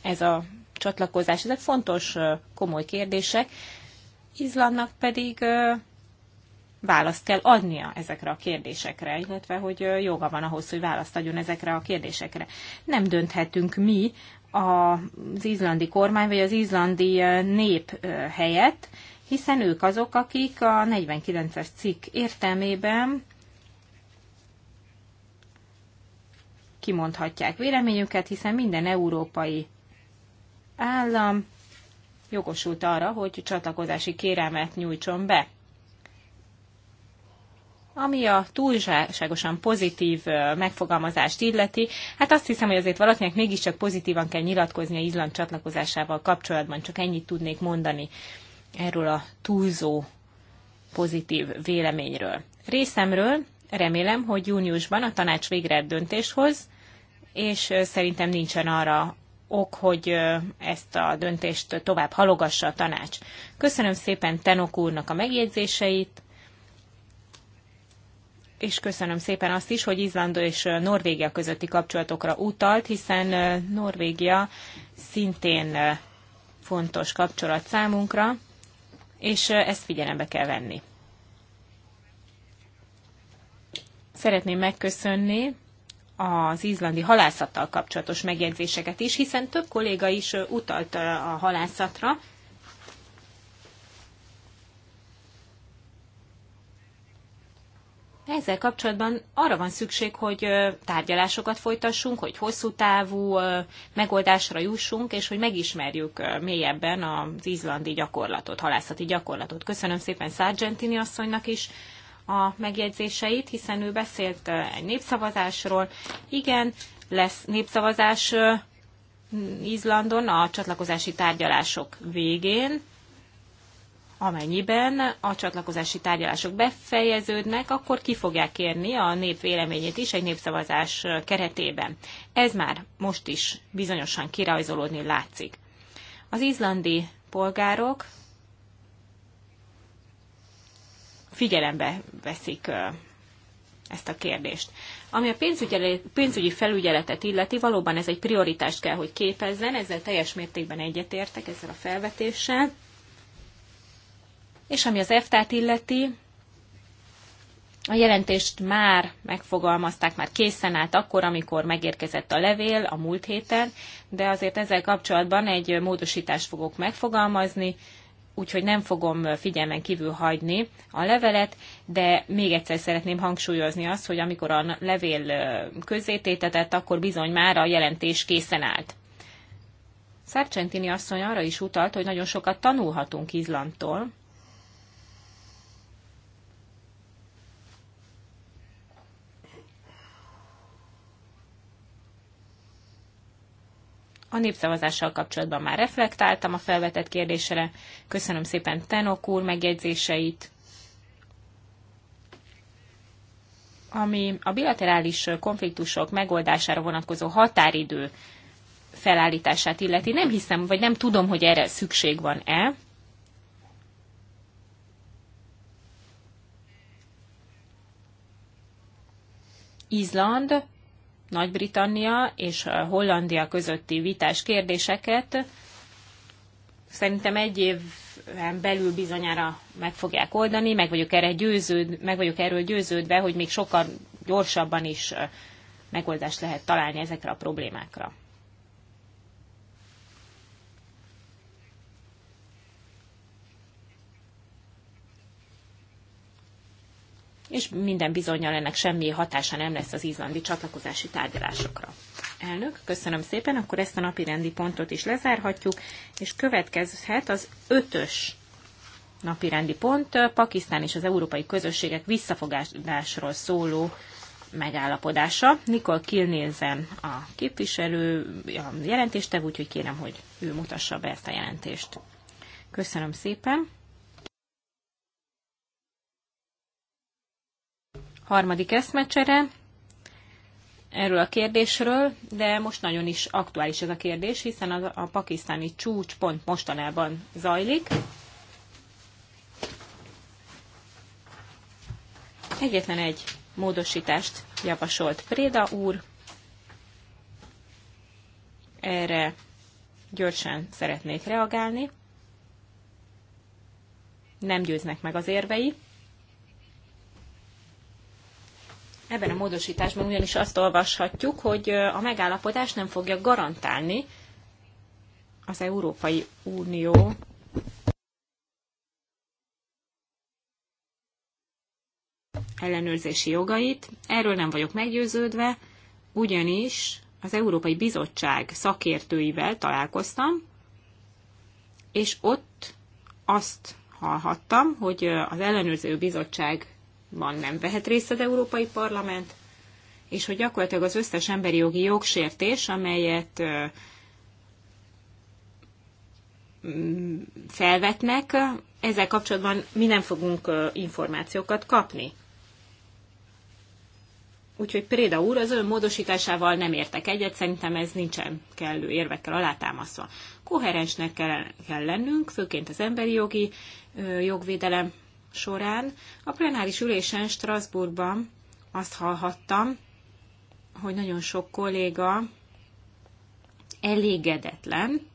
ez a csatlakozás. Ezek fontos, komoly kérdések. Izlandnak pedig választ kell adnia ezekre a kérdésekre, illetve hogy joga van ahhoz, hogy választ adjon ezekre a kérdésekre. Nem dönthetünk mi az izlandi kormány vagy az izlandi nép helyett, hiszen ők azok, akik a 49-es cikk értelmében kimondhatják véleményüket, hiszen minden európai állam jogosult arra, hogy csatlakozási kérelmet nyújtson be. Ami a túlságosan pozitív megfogalmazást illeti, hát azt hiszem, hogy azért valakinek mégiscsak pozitívan kell nyilatkozni a Izland csatlakozásával kapcsolatban, csak ennyit tudnék mondani erről a túlzó pozitív véleményről. Részemről remélem, hogy júniusban a tanács végre döntést hoz, és szerintem nincsen arra ok, hogy ezt a döntést tovább halogassa a tanács. Köszönöm szépen Tenok úrnak a megjegyzéseit, és köszönöm szépen azt is, hogy Izlanda és Norvégia közötti kapcsolatokra utalt, hiszen Norvégia szintén fontos kapcsolat számunkra, és ezt figyelembe kell venni. Szeretném megköszönni az izlandi halászattal kapcsolatos megjegyzéseket is, hiszen több kolléga is utalt a halászatra. Ezzel kapcsolatban arra van szükség, hogy tárgyalásokat folytassunk, hogy hosszú távú megoldásra jussunk, és hogy megismerjük mélyebben az izlandi gyakorlatot, halászati gyakorlatot. Köszönöm szépen Sargentini asszonynak is a megjegyzéseit, hiszen ő beszélt egy népszavazásról. Igen, lesz népszavazás Izlandon a csatlakozási tárgyalások végén, amennyiben a csatlakozási tárgyalások befejeződnek, akkor ki fogják kérni a nép véleményét is egy népszavazás keretében. Ez már most is bizonyosan kirajzolódni látszik. Az izlandi polgárok figyelembe veszik ezt a kérdést. Ami a pénzügyi felügyeletet illeti, valóban ez egy prioritást kell, hogy képezzen, ezzel teljes mértékben egyetértek, ezzel a felvetéssel. És ami az EFTA-t illeti, a jelentést már megfogalmazták, már készen állt akkor, amikor megérkezett a levél a múlt héten, de azért ezzel kapcsolatban egy módosítást fogok megfogalmazni, úgyhogy nem fogom figyelmen kívül hagyni a levelet, de még egyszer szeretném hangsúlyozni azt, hogy amikor a levél közzététetett, akkor bizony már a jelentés készen állt. Sargentini asszony arra is utalt, hogy nagyon sokat tanulhatunk Izlandtól, A népszavazással kapcsolatban már reflektáltam a felvetett kérdésre. Köszönöm szépen Tenok úr megjegyzéseit. Ami a bilaterális konfliktusok megoldására vonatkozó határidő felállítását illeti, nem hiszem, vagy nem tudom, hogy erre szükség van-e. Izland nagy-Britannia és Hollandia közötti vitás kérdéseket szerintem egy év belül bizonyára meg fogják oldani, meg vagyok, erre győződ, meg vagyok erről győződve, hogy még sokkal gyorsabban is megoldást lehet találni ezekre a problémákra. és minden bizonyal ennek semmi hatása nem lesz az izlandi csatlakozási tárgyalásokra. Elnök, köszönöm szépen, akkor ezt a napi rendi pontot is lezárhatjuk, és következhet az ötös napi rendi pont, Pakisztán és az európai közösségek visszafogásról szóló megállapodása. Nikol Kilnézen a képviselő, a jelentéstev, úgyhogy kérem, hogy ő mutassa be ezt a jelentést. Köszönöm szépen! harmadik eszmecsere erről a kérdésről, de most nagyon is aktuális ez a kérdés, hiszen a, a pakisztáni csúcs pont mostanában zajlik. Egyetlen egy módosítást javasolt Préda úr. Erre gyorsan szeretnék reagálni. Nem győznek meg az érvei. Ebben a módosításban ugyanis azt olvashatjuk, hogy a megállapodás nem fogja garantálni az Európai Unió ellenőrzési jogait. Erről nem vagyok meggyőződve, ugyanis az Európai Bizottság szakértőivel találkoztam, és ott azt hallhattam, hogy az ellenőrző bizottság van nem vehet részt az Európai Parlament, és hogy gyakorlatilag az összes emberi jogi jogsértés, amelyet mm, felvetnek, ezzel kapcsolatban mi nem fogunk információkat kapni. Úgyhogy Préda úr az ön módosításával nem értek egyet, szerintem ez nincsen kellő érvekkel alátámasztva. Koherensnek kell, kell lennünk, főként az emberi jogi jogvédelem során a plenáris ülésen Strasbourgban azt hallhattam, hogy nagyon sok kolléga elégedetlen,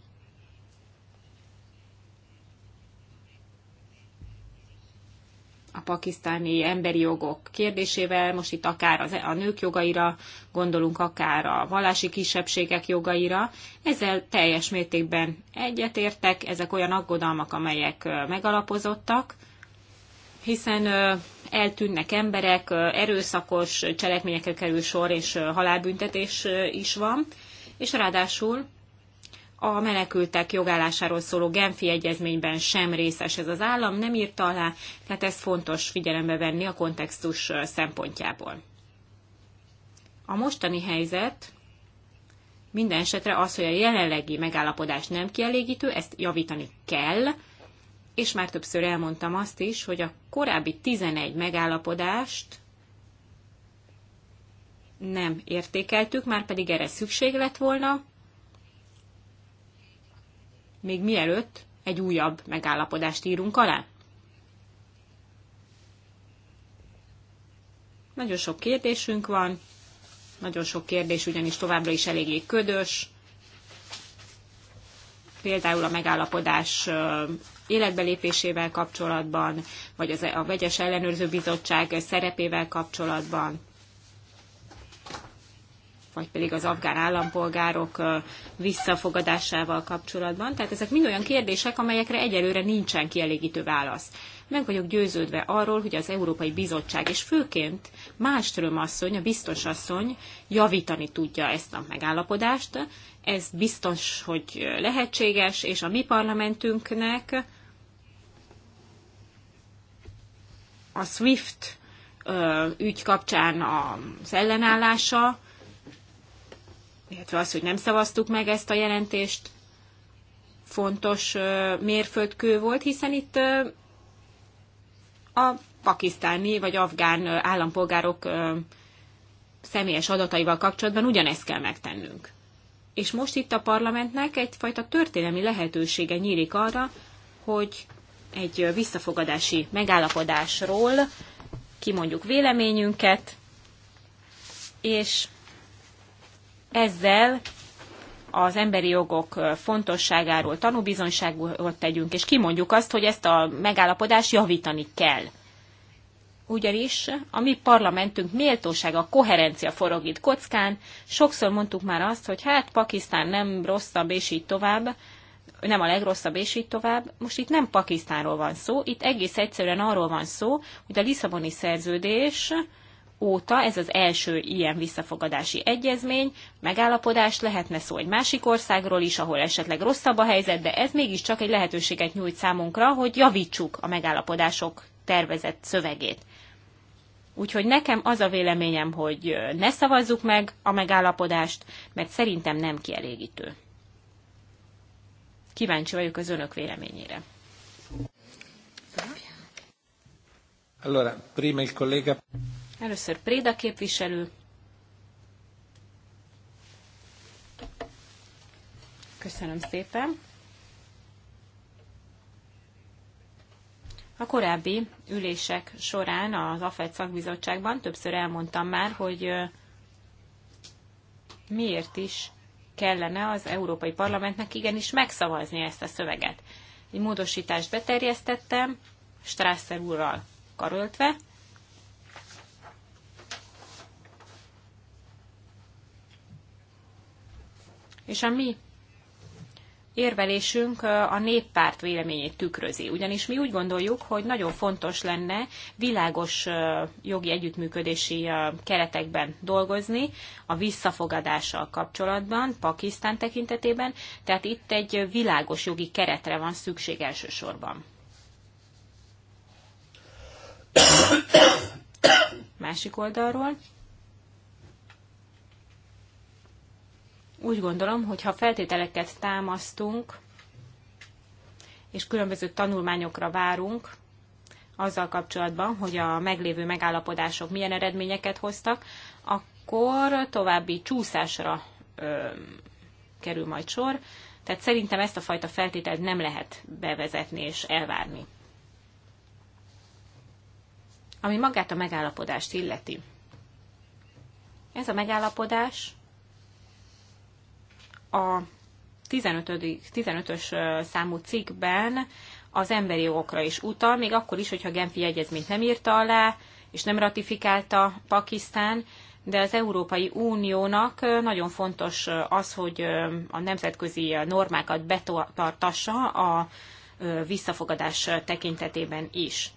a pakisztáni emberi jogok kérdésével, most itt akár az, a nők jogaira gondolunk, akár a vallási kisebbségek jogaira. Ezzel teljes mértékben egyetértek, ezek olyan aggodalmak, amelyek megalapozottak, hiszen eltűnnek emberek, erőszakos cselekményekre kerül sor, és halálbüntetés is van, és ráadásul a menekültek jogállásáról szóló Genfi egyezményben sem részes ez az állam, nem írta alá, tehát ez fontos figyelembe venni a kontextus szempontjából. A mostani helyzet minden esetre az, hogy a jelenlegi megállapodás nem kielégítő, ezt javítani kell, és már többször elmondtam azt is, hogy a korábbi 11 megállapodást nem értékeltük, már pedig erre szükség lett volna, még mielőtt egy újabb megállapodást írunk alá. Nagyon sok kérdésünk van, nagyon sok kérdés ugyanis továbbra is eléggé ködös. Például a megállapodás életbelépésével kapcsolatban, vagy az, a Vegyes Ellenőrző Bizottság szerepével kapcsolatban, vagy pedig az afgán állampolgárok visszafogadásával kapcsolatban. Tehát ezek mind olyan kérdések, amelyekre egyelőre nincsen kielégítő válasz. Meg vagyok győződve arról, hogy az Európai Bizottság, és főként Máström asszony, a biztos asszony javítani tudja ezt a megállapodást. Ez biztos, hogy lehetséges, és a mi parlamentünknek a SWIFT ügy kapcsán az ellenállása, illetve az, hogy nem szavaztuk meg ezt a jelentést, fontos mérföldkő volt, hiszen itt a pakisztáni vagy afgán állampolgárok személyes adataival kapcsolatban ugyanezt kell megtennünk. És most itt a parlamentnek egyfajta történelmi lehetősége nyílik arra, hogy egy visszafogadási megállapodásról kimondjuk véleményünket, és ezzel az emberi jogok fontosságáról tanúbizonyságot tegyünk, és kimondjuk azt, hogy ezt a megállapodást javítani kell. Ugyanis a mi parlamentünk méltósága, a koherencia forog itt kockán. Sokszor mondtuk már azt, hogy hát Pakisztán nem rosszabb, és így tovább nem a legrosszabb, és így tovább. Most itt nem Pakisztánról van szó, itt egész egyszerűen arról van szó, hogy a Lisszaboni szerződés óta ez az első ilyen visszafogadási egyezmény, megállapodás lehetne szó egy másik országról is, ahol esetleg rosszabb a helyzet, de ez mégiscsak egy lehetőséget nyújt számunkra, hogy javítsuk a megállapodások tervezett szövegét. Úgyhogy nekem az a véleményem, hogy ne szavazzuk meg a megállapodást, mert szerintem nem kielégítő. Kíváncsi vagyok az önök véleményére. Allora, prima il collega... Először Préda képviselő. Köszönöm szépen. A korábbi ülések során az AFED szakbizottságban többször elmondtam már, hogy miért is kellene az Európai Parlamentnek igenis megszavazni ezt a szöveget. Egy módosítást beterjesztettem, Strasser úrral karöltve, és a mi érvelésünk a néppárt véleményét tükrözi. Ugyanis mi úgy gondoljuk, hogy nagyon fontos lenne világos jogi együttműködési keretekben dolgozni a visszafogadással kapcsolatban, Pakisztán tekintetében, tehát itt egy világos jogi keretre van szükség elsősorban. <coughs> Másik oldalról Úgy gondolom, hogy ha feltételeket támasztunk, és különböző tanulmányokra várunk, azzal kapcsolatban, hogy a meglévő megállapodások milyen eredményeket hoztak, akkor további csúszásra ö, kerül majd sor. Tehát szerintem ezt a fajta feltételt nem lehet bevezetni és elvárni. Ami magát a megállapodást illeti. Ez a megállapodás a 15. 15-ös számú cikkben az emberi jogokra is utal, még akkor is, hogyha Genfi egyezményt nem írta alá, és nem ratifikálta Pakisztán, de az Európai Uniónak nagyon fontos az, hogy a nemzetközi normákat betartassa a visszafogadás tekintetében is.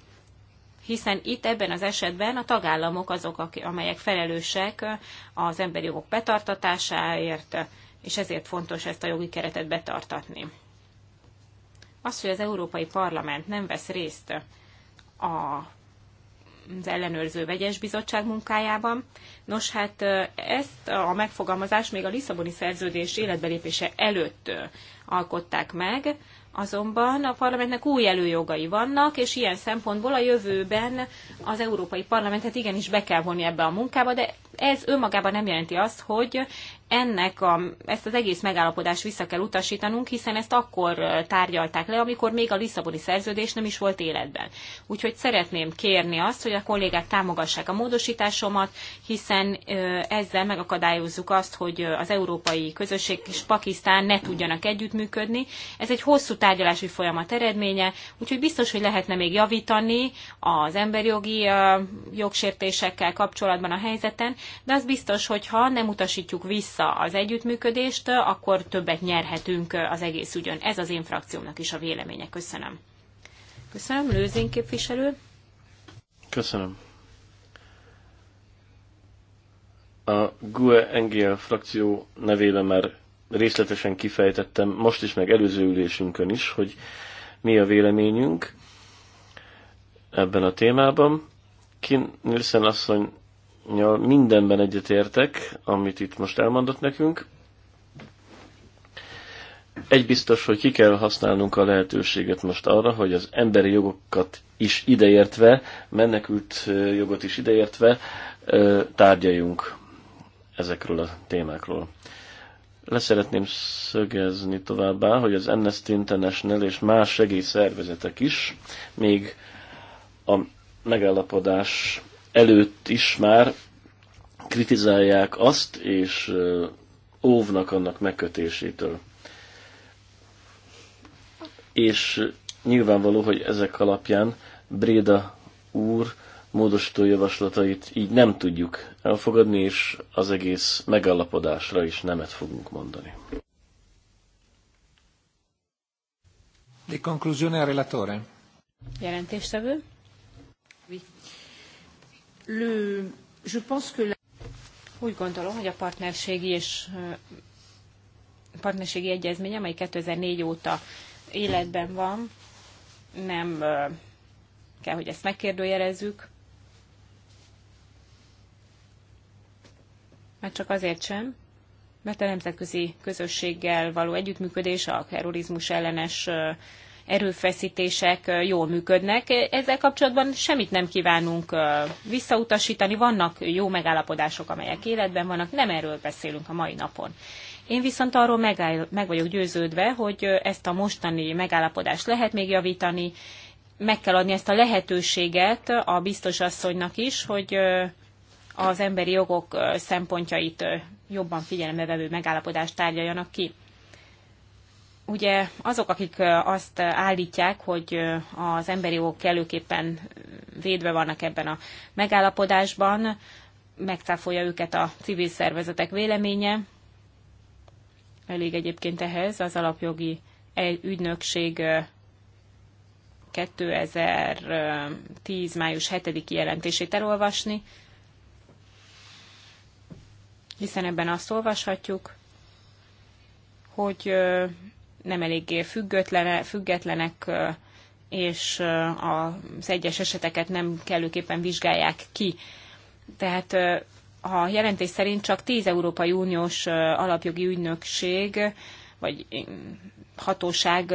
Hiszen itt ebben az esetben a tagállamok azok, amelyek felelősek az emberi jogok betartatásáért, és ezért fontos ezt a jogi keretet betartatni. Az, hogy az Európai Parlament nem vesz részt a, az ellenőrző vegyes bizottság munkájában, nos hát ezt a megfogalmazást még a Lisszaboni szerződés életbelépése előtt alkották meg, Azonban a parlamentnek új előjogai vannak, és ilyen szempontból a jövőben az Európai Parlamentet igenis be kell vonni ebbe a munkába, de ez önmagában nem jelenti azt, hogy ennek a, ezt az egész megállapodást vissza kell utasítanunk, hiszen ezt akkor tárgyalták le, amikor még a Lisszaboni szerződés nem is volt életben. Úgyhogy szeretném kérni azt, hogy a kollégák támogassák a módosításomat, hiszen ezzel megakadályozzuk azt, hogy az európai közösség és Pakisztán ne tudjanak együttműködni. Ez egy hosszú tárgyalási folyamat eredménye, úgyhogy biztos, hogy lehetne még javítani az emberjogi jogsértésekkel kapcsolatban a helyzeten, de az biztos, hogy ha nem utasítjuk vissza, vissza az együttműködést, akkor többet nyerhetünk az egész ügyön. Ez az én frakciómnak is a véleménye. Köszönöm. Köszönöm, Lőzén képviselő. Köszönöm. A GUE NGL frakció nevében már részletesen kifejtettem, most is meg előző ülésünkön is, hogy mi a véleményünk ebben a témában. Kim Nielsen asszony Ja mindenben egyetértek, amit itt most elmondott nekünk. Egy biztos, hogy ki kell használnunk a lehetőséget most arra, hogy az emberi jogokat is ideértve, menekült jogot is ideértve tárgyaljunk ezekről a témákról. Leszeretném szögezni továbbá, hogy az Amnesty International és más segélyszervezetek is még a megállapodás előtt is már kritizálják azt, és óvnak annak megkötésétől. És nyilvánvaló, hogy ezek alapján Bréda úr módosító javaslatait így nem tudjuk elfogadni, és az egész megállapodásra is nemet fogunk mondani. Di conclusione a relatore. Jelentéstevő le, je pense que la... Úgy gondolom, hogy a partnerségi és partnerségi egyezmény, amely 2004 óta életben van, nem kell, hogy ezt megkérdőjelezzük. Mert csak azért sem, mert a nemzetközi közösséggel való együttműködés a terrorizmus ellenes erőfeszítések jól működnek. Ezzel kapcsolatban semmit nem kívánunk visszautasítani. Vannak jó megállapodások, amelyek életben vannak, nem erről beszélünk a mai napon. Én viszont arról megáll, meg vagyok győződve, hogy ezt a mostani megállapodást lehet még javítani, meg kell adni ezt a lehetőséget a biztos asszonynak is, hogy az emberi jogok szempontjait jobban figyelembe vevő megállapodást tárgyaljanak ki ugye azok, akik azt állítják, hogy az emberi jogok kellőképpen védve vannak ebben a megállapodásban, megcáfolja őket a civil szervezetek véleménye. Elég egyébként ehhez az alapjogi e, ügynökség 2010. május 7. jelentését elolvasni, hiszen ebben azt olvashatjuk, hogy nem eléggé függetlenek, és az egyes eseteket nem kellőképpen vizsgálják ki. Tehát a jelentés szerint csak 10 Európai Uniós alapjogi ügynökség vagy hatóság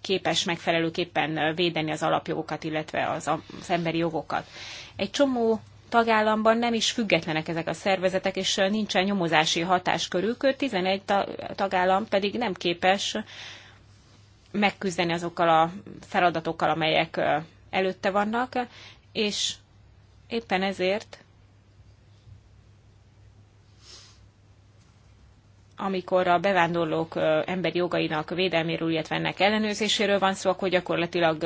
képes megfelelőképpen védeni az alapjogokat, illetve az emberi jogokat. Egy csomó tagállamban nem is függetlenek ezek a szervezetek, és nincsen nyomozási hatáskörük, 11 tagállam pedig nem képes megküzdeni azokkal a feladatokkal, amelyek előtte vannak, és éppen ezért amikor a bevándorlók emberi jogainak védelméről, illetve ennek ellenőrzéséről van szó, akkor gyakorlatilag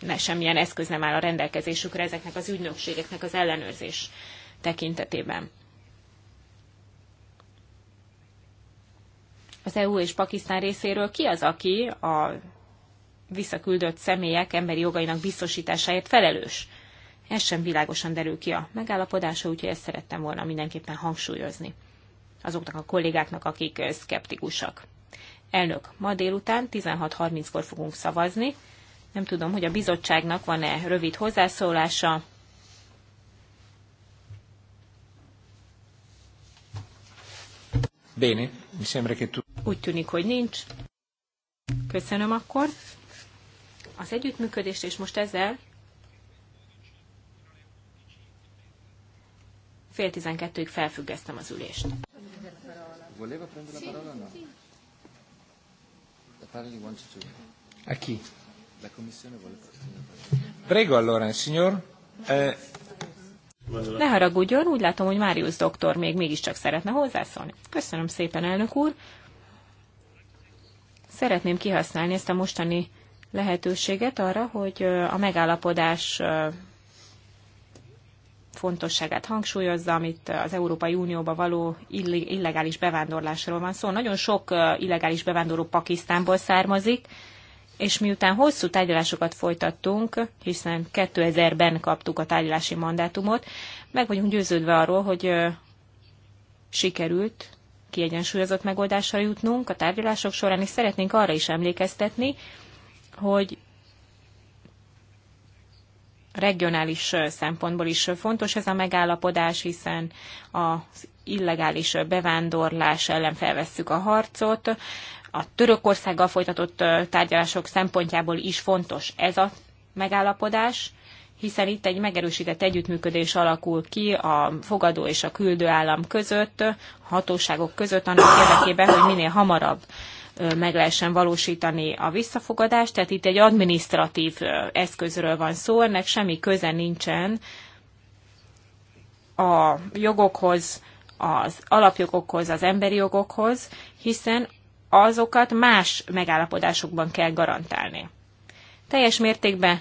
ne semmilyen eszköz nem áll a rendelkezésükre ezeknek az ügynökségeknek az ellenőrzés tekintetében. Az EU és Pakisztán részéről ki az, aki a visszaküldött személyek emberi jogainak biztosításáért felelős? Ez sem világosan derül ki a megállapodása, úgyhogy ezt szerettem volna mindenképpen hangsúlyozni azoknak a kollégáknak, akik szkeptikusak. Elnök, ma délután 16.30-kor fogunk szavazni, nem tudom, hogy a bizottságnak van-e rövid hozzászólása. Béni, mi sembra Úgy tűnik, hogy nincs. Köszönöm akkor az együttműködést, és most ezzel fél tizenkettőig felfüggesztem az ülést. Voleva prendere la parola? No. wants to. A chi? La Commissione vuole Prego allora, signor. Eh... Ne haragudjon, úgy látom, hogy Máriusz doktor még mégiscsak szeretne hozzászólni. Köszönöm szépen, elnök úr. Szeretném kihasználni ezt a mostani lehetőséget arra, hogy a megállapodás fontosságát hangsúlyozza, amit az Európai Unióba való illegális bevándorlásról van szó. Szóval nagyon sok illegális bevándorló Pakisztánból származik, és miután hosszú tárgyalásokat folytattunk, hiszen 2000-ben kaptuk a tárgyalási mandátumot, meg vagyunk győződve arról, hogy sikerült kiegyensúlyozott megoldásra jutnunk a tárgyalások során, és szeretnénk arra is emlékeztetni, hogy regionális szempontból is fontos ez a megállapodás, hiszen az illegális bevándorlás ellen felvesszük a harcot, a Törökországgal folytatott tárgyalások szempontjából is fontos ez a megállapodás, hiszen itt egy megerősített együttműködés alakul ki a fogadó és a küldő állam között, hatóságok között, annak érdekében, hogy minél hamarabb meg lehessen valósítani a visszafogadást. Tehát itt egy administratív eszközről van szó, ennek semmi köze nincsen a jogokhoz, az alapjogokhoz, az emberi jogokhoz, hiszen azokat más megállapodásokban kell garantálni. Teljes mértékben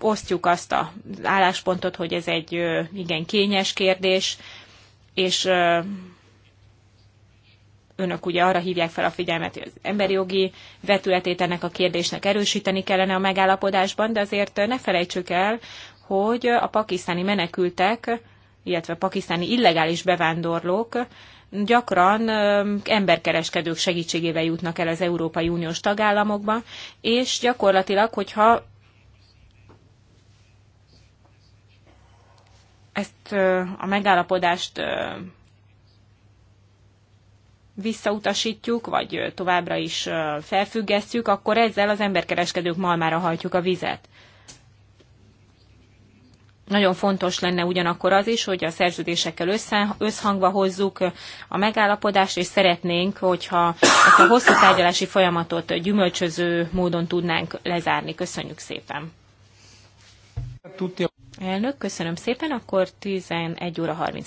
osztjuk azt az álláspontot, hogy ez egy igen kényes kérdés, és önök ugye arra hívják fel a figyelmet, hogy az emberi jogi vetületét ennek a kérdésnek erősíteni kellene a megállapodásban, de azért ne felejtsük el, hogy a pakisztáni menekültek, illetve pakisztáni illegális bevándorlók gyakran emberkereskedők segítségével jutnak el az Európai Uniós tagállamokba, és gyakorlatilag, hogyha ezt a megállapodást visszautasítjuk, vagy továbbra is felfüggesztjük, akkor ezzel az emberkereskedők malmára hajtjuk a vizet. Nagyon fontos lenne ugyanakkor az is, hogy a szerződésekkel össze, összhangba hozzuk a megállapodást, és szeretnénk, hogyha ezt a hosszú tárgyalási folyamatot gyümölcsöző módon tudnánk lezárni. Köszönjük szépen! Elnök, köszönöm szépen, akkor 11 óra 30